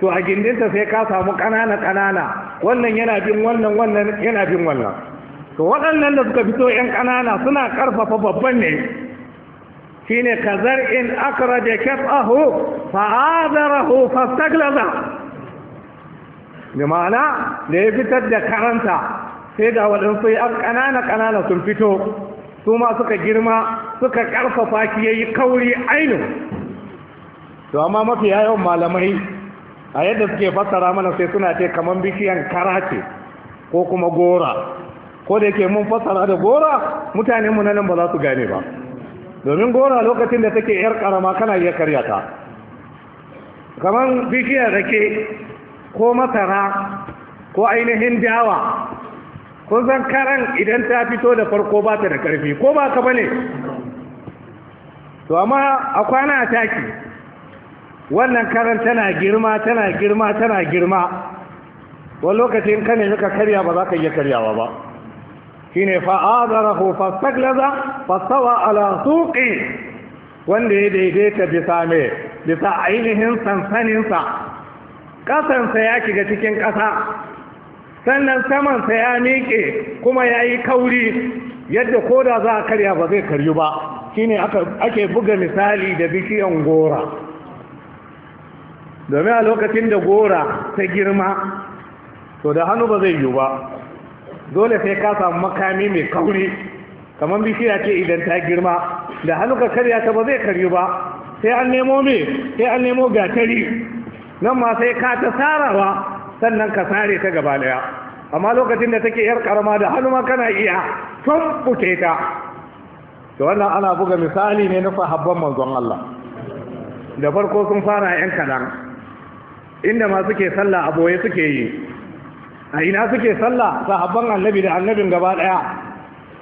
to a gindinta sai ka samu ƙanana-ƙanana wannan yana bin wannan wannan yana bin wannan to waɗannan da suka fito 'yan ƙanana suna ƙarfafa babban ne shine kazar in akraja kas'ahu fa'adarahu fastaglaza da ma'ana da ya fitar da karanta sai ga waɗansu 'yan ƙanana-ƙanana sun fito su ma suka girma suka karfafa shi yayi kauri ainihin to amma mafi yawan malamai a yadda suke fassara mana sai suna ce kamar bishiyan kara ko kuma gora ko da yake mun fassara da gora mutane mu nan ba za su gane ba domin gora lokacin da take yar karama kana iya karya ta kaman bishiyar rake ko masara ko ainihin dawa kun san karan idan ta fito da farko ba ta da ƙarfi ko ba ka bane to amma a kwana a taki wannan karan tana girma tana girma tana girma wani lokacin kane suka karya ba za ka iya karyawa ba shine fa'azarahu fastaglaza fastawa ala suqi wanda ya daidaita bisa bisa ainihin sansaninsa kasansa ya kiga cikin ƙasa sannan samansa ya miƙe kuma ya yi kauri yadda ko da za a karya ba zai karyu ba shine ake buga misali da bishiyan gora domin a lokacin da gora ta girma to da hannu ba zai yiwu ba dole sai ka samu makami mai kauri kamar bishiya ce idan ta girma da hannu ka karya ta ba zai karyu ba sai an nemo mai sai an nemo gatari nan ma sai ka ta sarawa sannan ka sare ta gaba daya amma lokacin da take yar karama da hannu ma kana iya tumbuke ta to wannan ana buga misali ne na fahabban manzon Allah da farko sun fara yan kalan inda ma suke sallah aboye suke yi a ina suke sallah sahabban annabi da annabin gaba daya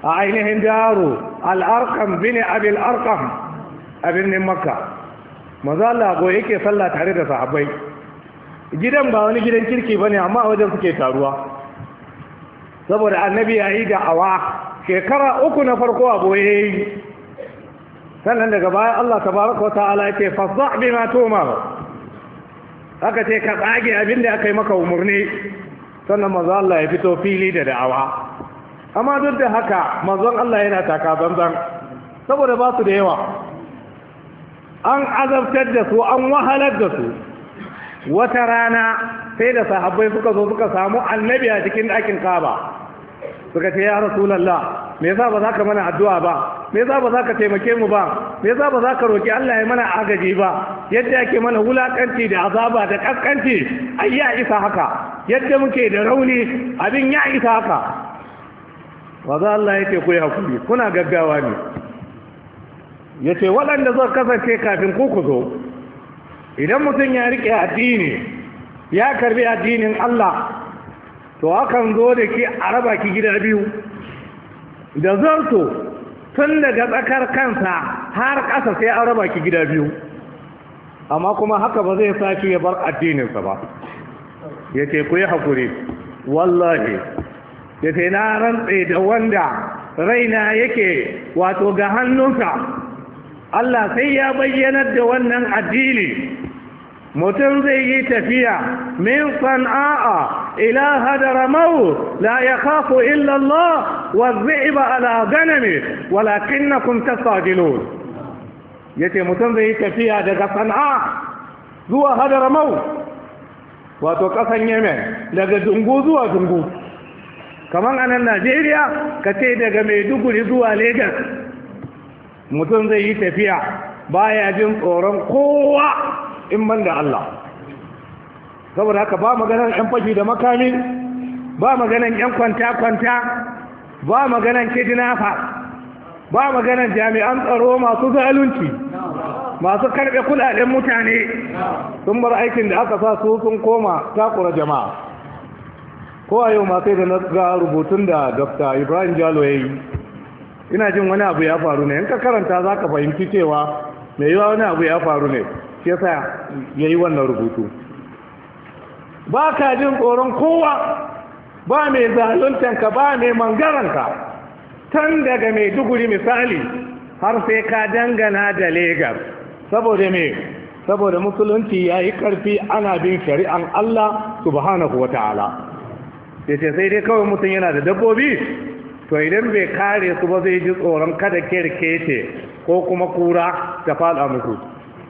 a ainihin daro al-arqam bin abi al-arqam a birnin makka manzo Allah aboye yake sallah tare da sahabbai gidan ba wani gidan kirki bane ne amma wajen suke taruwa saboda annabi ya yi da'awa shekara uku na farko a boye sannan daga baya Allah tabaraka wa ta'ala yake fasda bima tumar haka ce ka tsage abin da aka yi maka umarni sannan manzo Allah ya fito fili da da'awa amma duk da haka manzon Allah yana taka banzan saboda ba su da yawa an azabtar da su an wahalar da su wata rana sai da sahabbai suka zo suka samu annabi a cikin ɗakin kaba suka ce ya rasulallah me yasa ba za ka mana addu'a ba me yasa ba za ka taimake mu ba me yasa ba za ka roki Allah ya mana agaji ba yadda ake mana wulakanci da azaba da kaskanci ai ya isa haka yadda muke da rauni abin ya isa haka waza Allah yake ku yi hakuri kuna gaggawa ne yace waɗanda zai kasance kafin ku ku zo idan mutum ya rike addini ya karbi addinin Allah to akan zo da ke a raba ki gida biyu da zarto tun daga tsakar kansa har ƙasa sai araba raba ki gida biyu amma kuma haka ba zai saki ya bar addininsa ba ya ce ku yi haƙuri wallahi ya ce na rantse da wanda raina yake wato ga hannunsa Allah sai ya bayyanar da wannan addini mutum zai yi tafiya min sana'a ila hadramaut la yakhafu illa Allah wa dhi'ba ala ganami walakinnakum Ya yace mutum zai yi tafiya daga sana'a zuwa hadramaut wato kasan Yemen daga dungu zuwa dungu kamar anan Najeriya kace daga Maiduguri zuwa Legas. mutum zai yi tafiya baya jin tsoron kowa in ban da Allah saboda haka ba maganar 'yan fashi da makami ba maganar 'yan kwanta-kwanta ba maganar kidnafa ba maganar jami'an tsaro masu zalunci masu karɓe kudaden mutane sun bar aikin da aka sa su sun koma takura jama'a ko a yau masu da na ga rubutun da dr ibrahim jalo ya yi ina jin wani abu ya faru ne in ka karanta za ka fahimci cewa mai yiwa wani abu ya faru ne yasa ya yi wannan rubutu ba ka jin tsoron kowa ba mai ka ba mai ka tan daga mai duguri misali har sai ka dangana da legas saboda mai saboda musulunci ya yi ƙarfi ana bin shari'an Allah subhanahu wa ta'ala ya ce sai dai kawai mutum yana da dabbobi to idan bai kare su ba zai ji tsoron kada kerkete ko kuma kura ta faɗa musu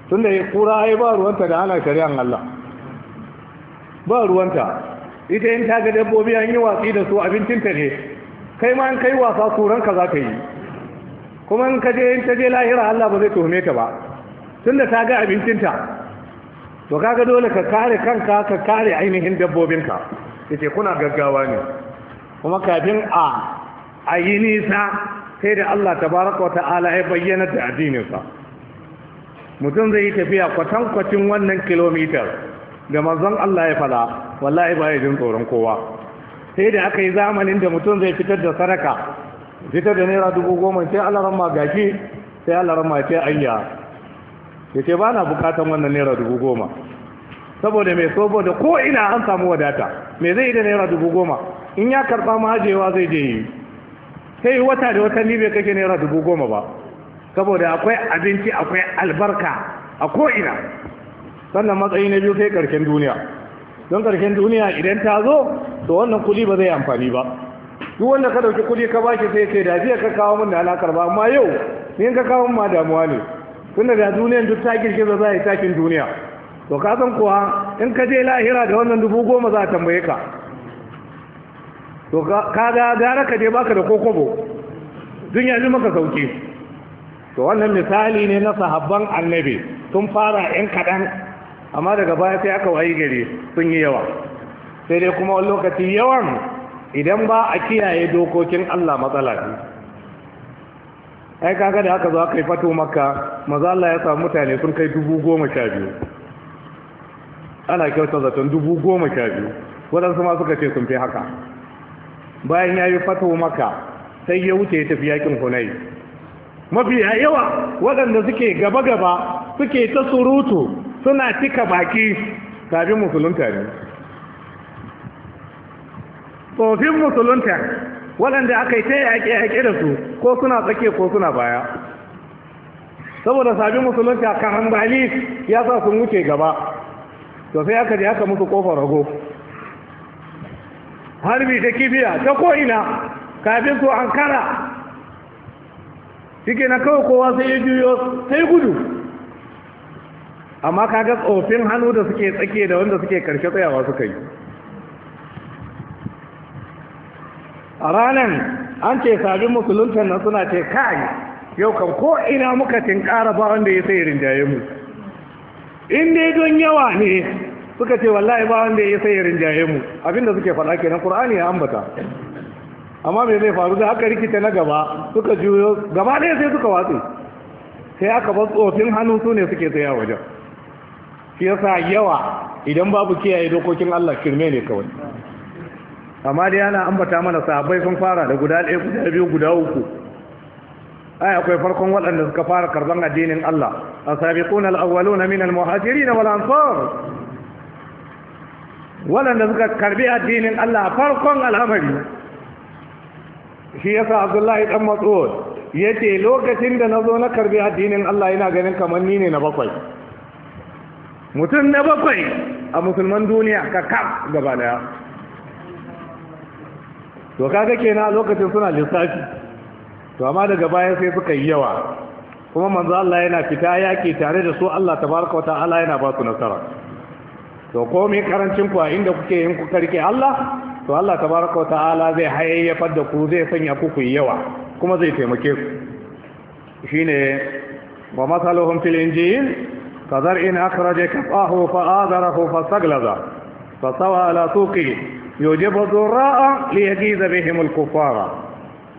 tun da ya kura ai ba ruwanta da ana shari'an Allah ba ruwanta ita yin ta ga dabbobi an yi watsi da su abincinta ne kai ma an kai wasa turanka za ka yi kuma in ka je yin ta je lahira Allah ba zai tuhume ta ba tun da ta ga abincinta to kaga dole ka kare kanka ka kare ainihin dabbobinka yace kuna gaggawa ne kuma kafin a a yi nisa sai da Allah tabaraka wa ta'ala ya bayyana da addininsa mutum zai yi tafiya kwatankwacin wannan kilomitar da mazan Allah ya fada wallahi ba ya jin tsoron kowa sai da aka yi zamanin da mutum zai fitar da sadaka fitar da naira dubu goma sai Allah ramma gaki sai Allah ramma sai anya ya ce ba na bukatan wannan naira dubu goma saboda mai saboda ko ina an samu wadata mai zai yi da naira dubu goma in ya karɓa mahajewa zai je yi sai wata da watanni bai kake naira dubu goma ba saboda akwai abinci akwai albarka a ko'ina sannan matsayi na biyu sai karshen duniya don karshen duniya idan ta zo to wannan kuli ba zai amfani ba duk wanda ka dauki kuli ka bashi sai sai da jiya ka kawo min da alakar ba amma yau ni ka kawo ma damuwa ne tun da duniyan duk ta girgiza za a yi takin duniya to ka san kuwa in ka je lahira da wannan dubu goma za a tambaye ka to ka ga gara ka je baka da kokobo dun yanzu maka sauki to wannan misali ne na sahabban annabi sun fara yan kaɗan amma daga baya sai aka wayi gari sun yi yawa sai dai kuma wani lokaci yawan idan ba a kiyaye dokokin Allah matsala ne ai kaga da aka zo aka yi fato makka maza Allah ya samu mutane sun kai dubu goma sha biyu ana kyauta zaton dubu goma sha biyu waɗansu ma suka ce sun fi haka bayan ya yi fato makka sai ya wuce ya tafi yakin hunai mafiya yawa waɗanda suke gaba-gaba suke ta surutu suna cika baki kafin musulunta ne tsofin musulunta waɗanda aka yi ta yaƙe-yaƙe da su ko suna tsake ko suna baya saboda sabi musulunta hambali ya sa sun wuce gaba to sai aka ji aka musu kofar rago harbi ta kibiya ta ko'ina kafin su ankara shike na kawai kowa sai ya juyo sai gudu amma kaga tsofin hannu da suke tsake da wanda suke karshe tsayawa suka yi a ranar an ce sabin musuluntar nan suna ce kai yau kan ko ina muka tinkara ba wanda ya sai rinjaye mu in dai don yawa ne suka ce wallahi ba wanda ya sai rinjaye mu abinda suke faɗa kenan qur'ani ya ambata amma me zai faru da haka rikita na gaba suka juyo gaba ɗaya sai suka watsi sai aka bar tsofin hannu su ne suke tsaya wajen shi yasa yawa idan babu kiyaye dokokin Allah kirme ne kawai amma dai ana ambata mana sahabbai sun fara da guda ɗaya guda biyu guda uku ai akwai farkon waɗanda suka fara karban addinin Allah asabiquna al-awwaluna min al-muhajirin wal ansar waɗanda suka karbi addinin Allah farkon al'amari shi yasa abdullahi dan mas'ud yace lokacin da nazo na karbi addinin Allah yana ganin kamar ni ne na bakwai mutum na bakwai a musulman duniya ka gaba daya to kaga kenan lokacin suna lissafi to amma daga baya sai suka yi yawa kuma manzo Allah yana fita yaki tare da su Allah tabaraka wataala yana ba su nasara to komai karancin ku a inda kuke yin ku karke Allah to Allah tabaraka wa ta'ala zai hayayyafar da ku zai sanya ku yawa kuma zai taimake ku shine wa masaluhum fil injil kazar in akhraja kafahu fa adarahu fastaglaza fa sawa ala suqi yujibu dhurra'a li yajiza bihim al kuffara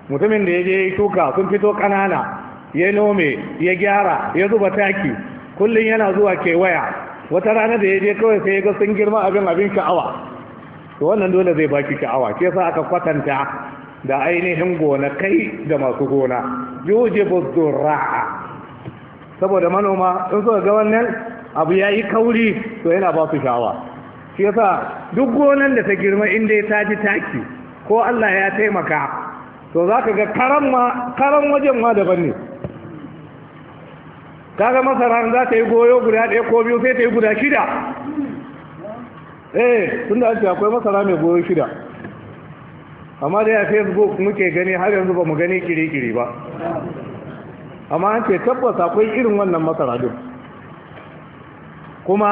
mutumin da yaje tuka sun fito kanana ya nome ya gyara ya zuba taki kullun yana zuwa kewaya wata rana da yaje kawai sai ya ga sun girma abin abin sha'awa to wannan dole zai baki sha'awa ke sa aka kwatanta da ainihin gona kai da masu gona yujibu zurra'a saboda manoma in suka ga wannan abu ya yi kauri to yana ba su sha'awa Ke sa duk gonan da ta girma in dai ta ji taki ko Allah ya taimaka to za ka ga karan wajen ma daban ne kaga masara za ta yi goyo guda ɗaya ko biyu sai ta yi guda shida eh tun da ake akwai masara mai goyo shida amma dai a facebook muke gani har yanzu ba mu gani kiri-kiri ba amma an ce tabbas akwai irin wannan masara duk kuma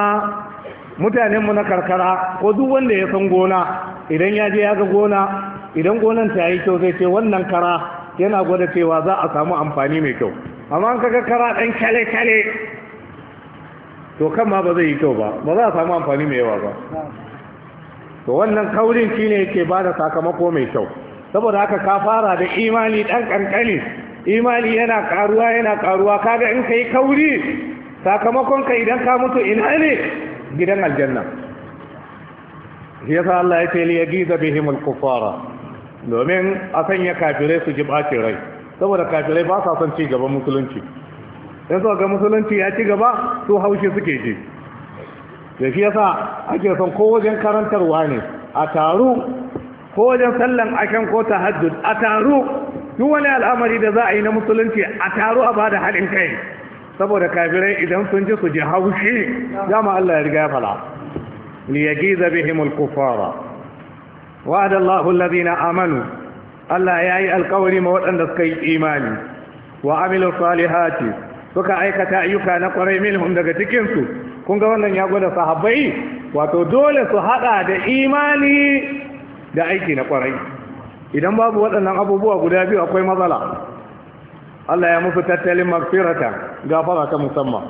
mutanenmu na karkara ko duk wanda ya san gona idan ya je ya ga gona idan gonan ta yi kyau zai ce wannan kara yana gwada cewa za a samu amfani mai kyau amma an kaga kara ɗan kyale-kyale to kan ma ba zai yi kyau ba ba za a samu amfani mai yawa ba to wannan kaurin ne yake ba da sakamako mai kyau saboda haka ka fara da imani dan kankani imani yana karuwa yana karuwa kaga in ka yi kauri sakamakon ka idan ka mutu ina ne gidan aljanna shi yasa Allah ya ce li yagiza bihim al-kuffara domin a sanya kafirai su ji bacin rai saboda kafirai ba sa son ci gaban musulunci sai suka ga musulunci ya ci gaba su haushi suke ji da shi yasa ake son ko wajen karantarwa ne a taru ko wajen sallan akan ko tahajjud a taru duk wani al'amari da za a yi na musulunci a taru a bada haɗin kai saboda kafirai idan sun ji su ji haushi dama Allah ya riga ya fala liyagiza bihim al-kuffara wa'ada Allahu alladhina amanu Allah yayi alƙawari ma waɗanda suka yi imani wa amilu salihati suka aikata ayyuka na kwarai minhum daga cikinsu kun ga wannan ya gwada sahabbai wato dole su haɗa da imani da aiki na kwarai idan babu waɗannan abubuwa guda biyu akwai matsala Allah ya musu tattalin magfirata gafara ta musamman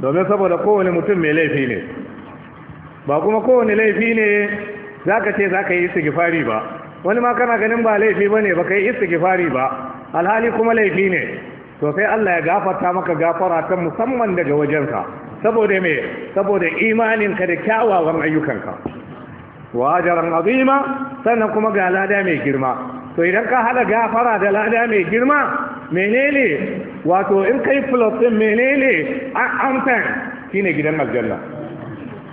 domin saboda kowane mutum mai laifi ne ba kuma kowane laifi ne za ka ce za ka yi istigifari ba wani ma kana ganin ba laifi ne ba ka yi istigifari ba alhali kuma laifi ne to sai Allah ya gafarta maka gafara ta musamman daga wajensa saboda me saboda imaninka da kyawawan ayyukanka wa ajran azima sannan kuma ga lada mai girma to idan ka hada gafara da lada mai girma menene wato in kai plus din menene an amfan shine gidan aljanna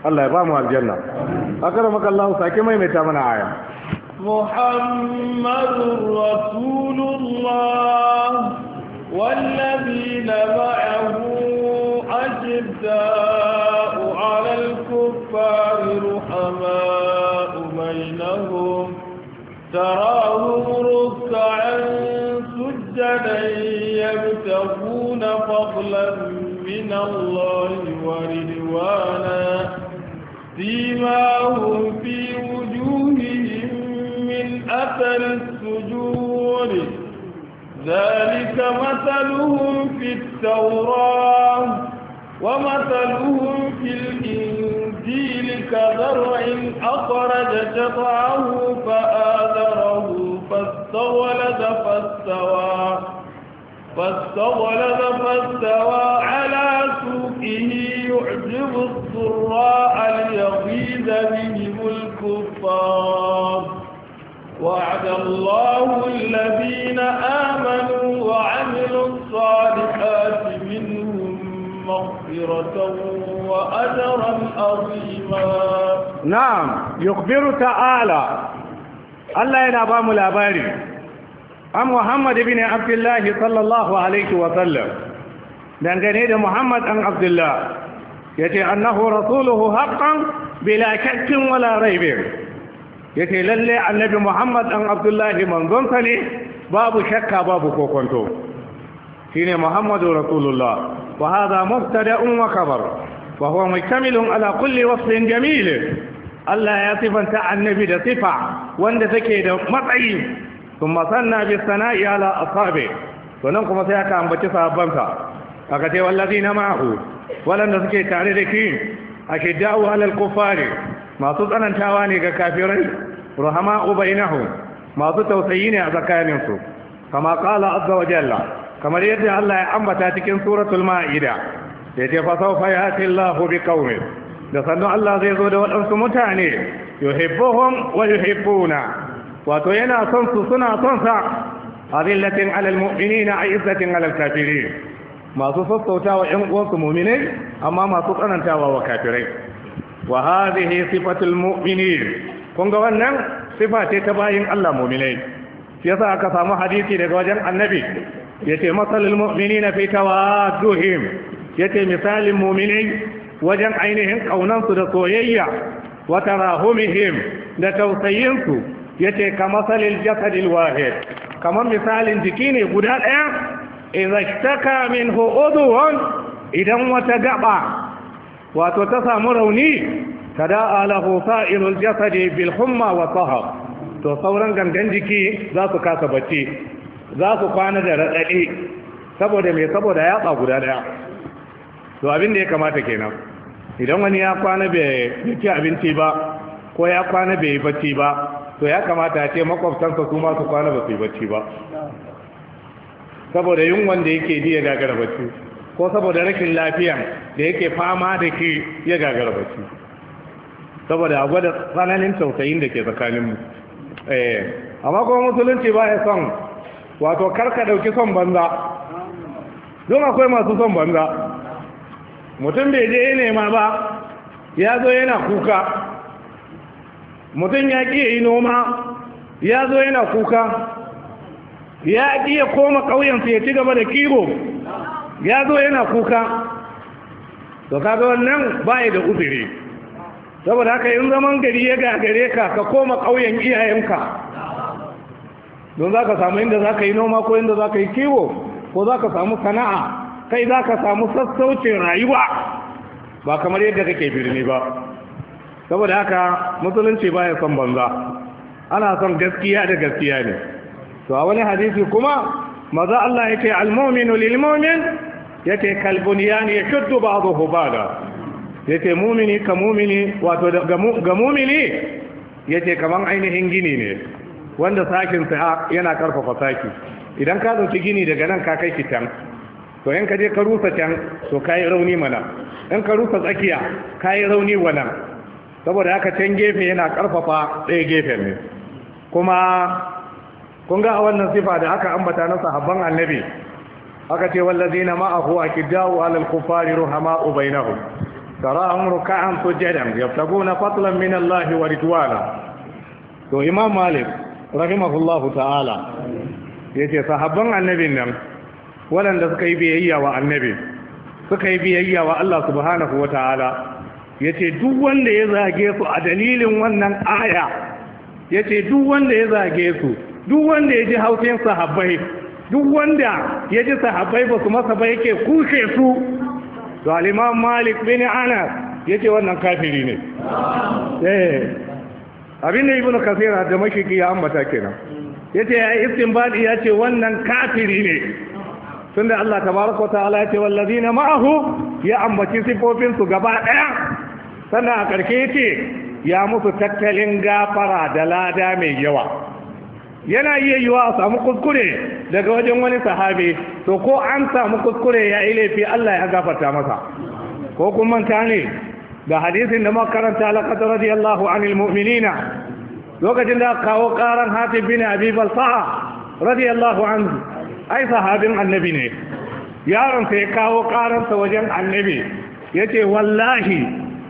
Allah ya ba mu aljanna akramaka Allah sake maimaita mana aya محمد رسول الله والذين معه أجداء على الكفار رحماء بينهم تراهم ركعا سجدا يبتغون فضلا من الله ورضوانا سيماهم في وجوههم من أثر السجود ذلك مثلهم في التوراة ومثلهم في الإنجيل كذرع أخرج شطعه فآذره فاستولد فاستوى فاستغلظ فاستوى على سوقه يعجب الضراء ليغيظ بهم الكفار وعد الله الذين آمنوا وعملوا الصالحات منهم مغفرة وأجرا عظيما نعم يخبر تعالى الله ينبام الأباري أم محمد بن عبد الله صلى الله عليه وسلم دعني ده محمد أن عبد الله يتي أنه رسوله حقا بلا شك ولا ريب yace lalle annabi Muhammad dan Abdullahi manzon ne babu shakka babu kokonto shine Muhammadu Rasulullah wa hadha mubtada'un wa khabar wa huwa mukamilun ala kulli wasfin jamil Allah ya sifanta annabi da sifa wanda take da matsayi kuma sanna bi sana'i ala ashabi sannan kuma sai aka ambaci sahabbansa aka ce wallazina ma'ahu walanda suke tare da ki ashidda'u alal kufari masu tsanantawa ne ga kafirai rahama ubainahu masu tausayi ne a tsakaninsu kama kala azza wa jalla kamar yadda Allah ya ambata cikin suratul ma'ida ya ce fa sawfa yati Allahu bi qaumin da sannu Allah zai zo da waɗansu mutane yuhibbuhum wa yuhibbuna wato yana son su suna son sa azillatin alal mu'minina aizzatin alal kafirin masu sassautawa ƴan uwansu mu'minai amma masu tsanantawa wa kafirai wa hadhihi sifatul mu'minin kun ga wannan sifa ce ta bayin Allah mu'minai sa aka samu hadisi daga wajen annabi yace fita mu'minina fi Ya yace misalin mu'minai wajen ainihin ƙaunansu da soyayya wa tarahumihim da tausayinsu yace kamasalil jasadil wahid kamar misalin jiki ne guda ɗaya idza min minhu idan wata gaba wato ta samu rauni tada'a lahu sa'irul jasadi bil humma wa sahar to sauran gangan jiki za su kasa bacci za su kwana da raɗaɗe saboda mai saboda yatsa guda ɗaya to abin da ya kamata kenan idan wani ya kwana bai ci abinci ba ko ya kwana bai yi bacci ba to ya kamata ce makwabtansa su ma su kwana ba su yi bacci ba saboda yin wanda yake ji ya gagara bacci ko saboda rashin lafiyan da yake fama da ke ya gagara bacci saboda a gwada tsananin tausayin da ke tsakaninmu eh, amma kuma musulunci ba ya son wato karka ɗauki son banza don akwai masu son banza mutum bai je nema ba ya zo yana kuka mutum ya ƙi yi noma ya zo yana kuka ya ƙi ya koma ƙauyensu ya ci gaba da kiwo ya zo yana kuka to kaga wannan ba da uzuri saboda haka in zaman gari ya gagare ka ka koma ƙauyen iyayenka don za ka samu inda za ka yi noma ko inda za ka yi kiwo ko za ka samu sana'a kai za ka samu sassaucin rayuwa ba kamar yadda kake birni ba saboda haka musulunci ya son banza ana son gaskiya da gaskiya ne to a wani hadisi kuma maza Allah yake al-mu'minu lil-mu'min yake kalbunyan yashuddu ba'dahu ba'da ya ce mumini ka mumini wato ga mumini ya kaman ainihin gini ne wanda sakinsa yana karfafa saki idan ka dauki gini daga nan ka kai kitan to in ka je ka rusa can to ka yi rauni mana in ka rusa tsakiya ka yi rauni wannan saboda haka can gefe yana karfafa ɗaya gefe ne kuma kun ga a wannan sifa da aka ambata na sahabban annabi aka ce wallazina ma'ahu akidahu alal kufari ruhama bainahum تراهم ركعا سجدا يبتغون فضلا من wa ورضوانا to imam malik rahimahullahu ta'ala yace sahabban annabin nan waɗanda suka yi biyayya wa annabi suka yi biyayya wa Allah subhanahu wa ta'ala yace duk wanda ya zage su a dalilin wannan aya yace duk wanda ya zage su duk wanda ya ji haushin sahabbai duk wanda ya ji sahabbai ba su masa ba yake kushe su to al-imam malik bin anas wannan kafiri ne eh abin da ibnu kasira da mashiki ya ambata kenan yace ya istinbadi yace wannan kafiri ne tunda Allah tabaraka ce yace wallazina ma'ahu ya ambaci siffofinsu su gaba daya sannan a karshe yace ya musu tattalin gafara da lada mai yawa yana iya yiwa a samu kuskure daga wajen wani sahabi to ko an samu kuskure ya yi laifi Allah ya gafarta masa ko kun manta ne da hadisin da makaranta laqad radiyallahu anil mu'minina lokacin da kawo ƙaran hatib bin abi radiyallahu an ai sahabin annabi ne yaron sai kawo karansa wajen annabi yace wallahi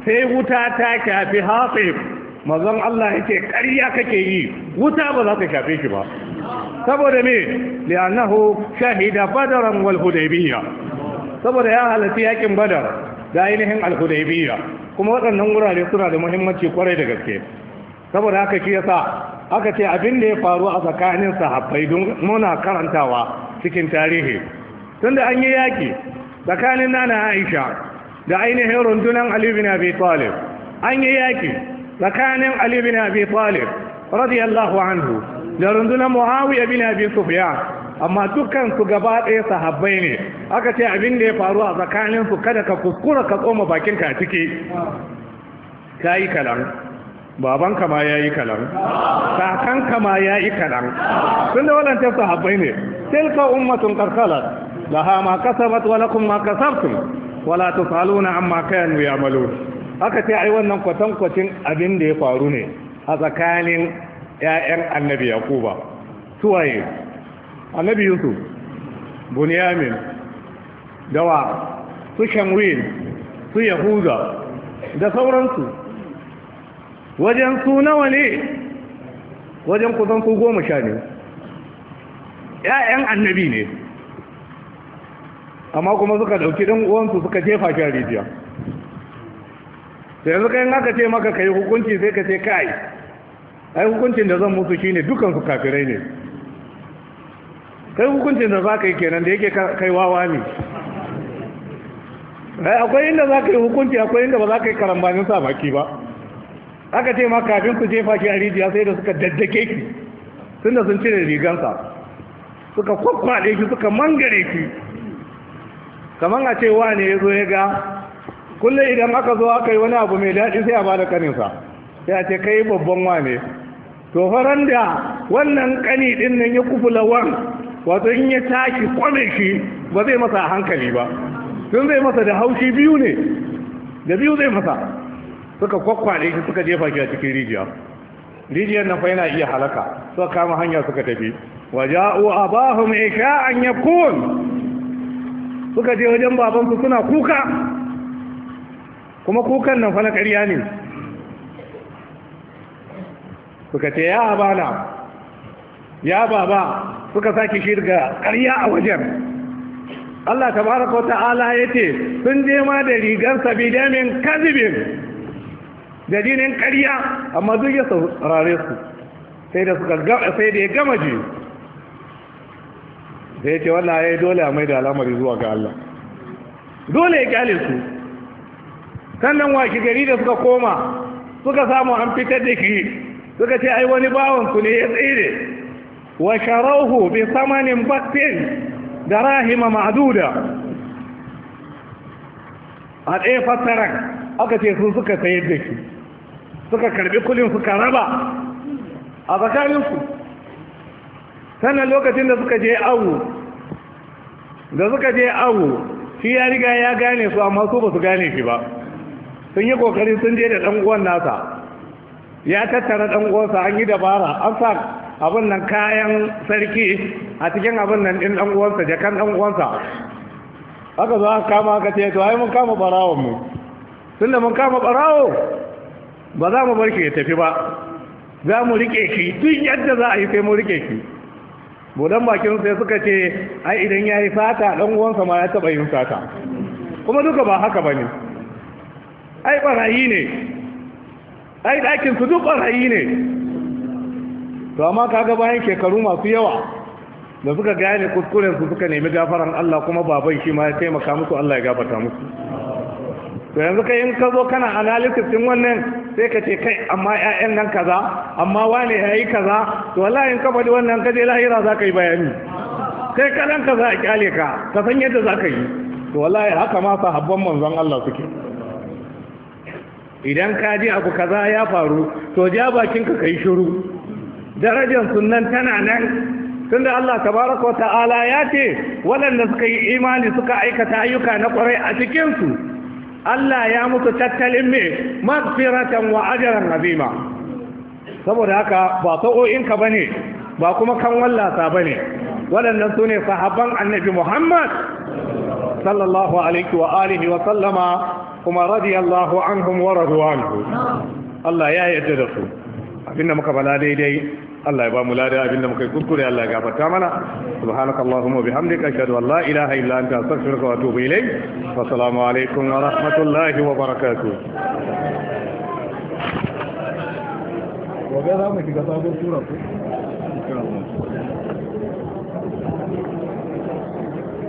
sai wuta ta kafi hatib mazan Allah ya ce ƙarya kake yi wuta ba za ta shafe shi ba saboda me Liyanahu shahida badaran wal hudaybiyya saboda ya halarci yakin badar da ainihin al hudaybiyya kuma waɗannan wurare suna da muhimmanci kwarai da gaske saboda haka shi yasa aka ce abin da ya faru a tsakanin sahabbai don muna karantawa cikin tarihi tunda an yi yaki tsakanin nana Aisha da ainihin rundunan Ali bin Abi Talib an yi yaki tsakanin Ali bin Abi Talib radiyallahu anhu da rundunar Muawiya bin Abi Sufiya amma dukansu gaba ɗaya sahabbai ne aka ce abin da ya faru a tsakaninsu kada ka kuskura ka tsoma bakinka a ciki yi kalan baban kama ya yi kalan kakan kama ya yi kalan tun da waɗancan sahabbai ne tilka ummatun karkalar laha ma kasabat wala kuma ma wala tusaluna amma kanu ya'malun aka ce ai wannan kwatankwacin abin da ya faru ne a tsakanin ‘ya'yan annabi yakuba suwaye annabi yusuf bunyamin dawa su shamwil su yahuda da sauransu wajen su nawa ne wajen kusan su goma sha ne ‘ya'yan annabi ne amma kuma suka ɗauki ɗan uwansu suka jefa shari'a yanzu kai aka ce maka kai hukunci sai ka ce kai ai hukuncin da zan musu shine dukan su kafirai ne kai hukuncin da za ka yi kenan da yake kai wawa ne akwai inda za ka yi hukunci akwai inda ba za ka yi karambanin sa baki ba aka ce ma kafin ku jefa shi a rijiya sai da suka daddake ki tun da sun cire rigansa suka kwakwaɗe ki suka mangare ki kamar a ce wa ne ya zo ya ga kullum idan aka zo aka yi wani abu mai daɗi sai a ba da kaninsa sai a ce yi babban wane to faran da wannan kani din nan ya kufu wan wato in ya tashi kwame shi ba zai masa hankali ba sun zai masa da haushi biyu ne da biyu zai masa suka kwakwale shi suka jefa shi a cikin rijiya rijiyar nan fai na iya halaka suka kama hanya suka tafi waja'u abahum ika'an yakun suka je wajen babansu suna kuka kuma kukan nan fa na ƙarya ne suka ce ya abana ya baba suka sake shirga ƙarya a wajen Allah tabaraka wa ta'ala ya ce sun je ma da rigarsa bidamin kazibin da jinin ƙarya amma duk ya saurare su sai da ya gama ji da ce wannan ya yi dole a mai da al'amari zuwa ga Allah dole ya kyale su sannan washi gari da suka koma suka samu an fitar da shi suka ce ai wani bawansu ne ya tsire wa sharauhu bi samanin baktin da rahima ma'aduda a ɗaya fassarar aka ce sun suka sayar da shi suka karbi kulin suka raba a tsakaninsu. sannan lokacin da suka je awu da suka je awu shi ya riga ya gane su amma su ba su gane shi ba sun yi kokari sun je da dan uwan nasa ya tattara dan uwansa an yi dabara an sa abin nan kayan sarki a cikin abin nan din dan uwansa jakan dan uwansa aka zo aka kama aka ce to ai mun kama barawon mu tunda mun kama barawo ba za mu bar ki ya tafi ba za mu rike shi duk yadda za a yi sai mu rike ki budan bakin sai suka ce ai idan ya yi sata dan uwansa ma ya taba yin sata kuma duka ba haka bane ai barayi ne ai ɗakin su duk barayi ne to amma kaga bayan shekaru masu yawa da suka gane kuskuren su suka nemi gafaran Allah kuma baban shi ma ya taimaka musu Allah ya gafarta musu to yanzu kai in ka zo kana analysis din wannan sai ka ce kai amma ƴaƴan nan kaza amma wane yi kaza to wallahi in ka faɗi wannan ka je lahira za ka yi bayani sai ka dan kaza a kyale ka ka san yadda za ka yi to wallahi haka ma sahabban manzon Allah suke idan ka ji abu kaza ya faru to ja bakinka kai shiru darajar sunan tana nan tunda Allah tabaraka wa ta'ala ya ce waɗanda suka yi imani suka aikata ayyuka na ƙwarai a cikinsu Allah ya musu tattalin mai magfiratan wa ajaran azima saboda haka ba sa'o'inka bane ba kuma kan wallasa bane waɗannan su ne sahabban annabi muhammad sallallahu alaihi wa alihi wa sallama kuma radiyallahu anhum wa radwanu Allah ya yadda da su abinda muka bala daidai Allah ya ba mu lada abinda muka yi kuskure Allah ya gafarta mana subhanaka allahumma bihamdika ashhadu an la ilaha illa anta astaghfiruka wa atubu ilayk wa assalamu alaikum wa rahmatullahi wa barakatuh gobe za mu shiga sabon sura ko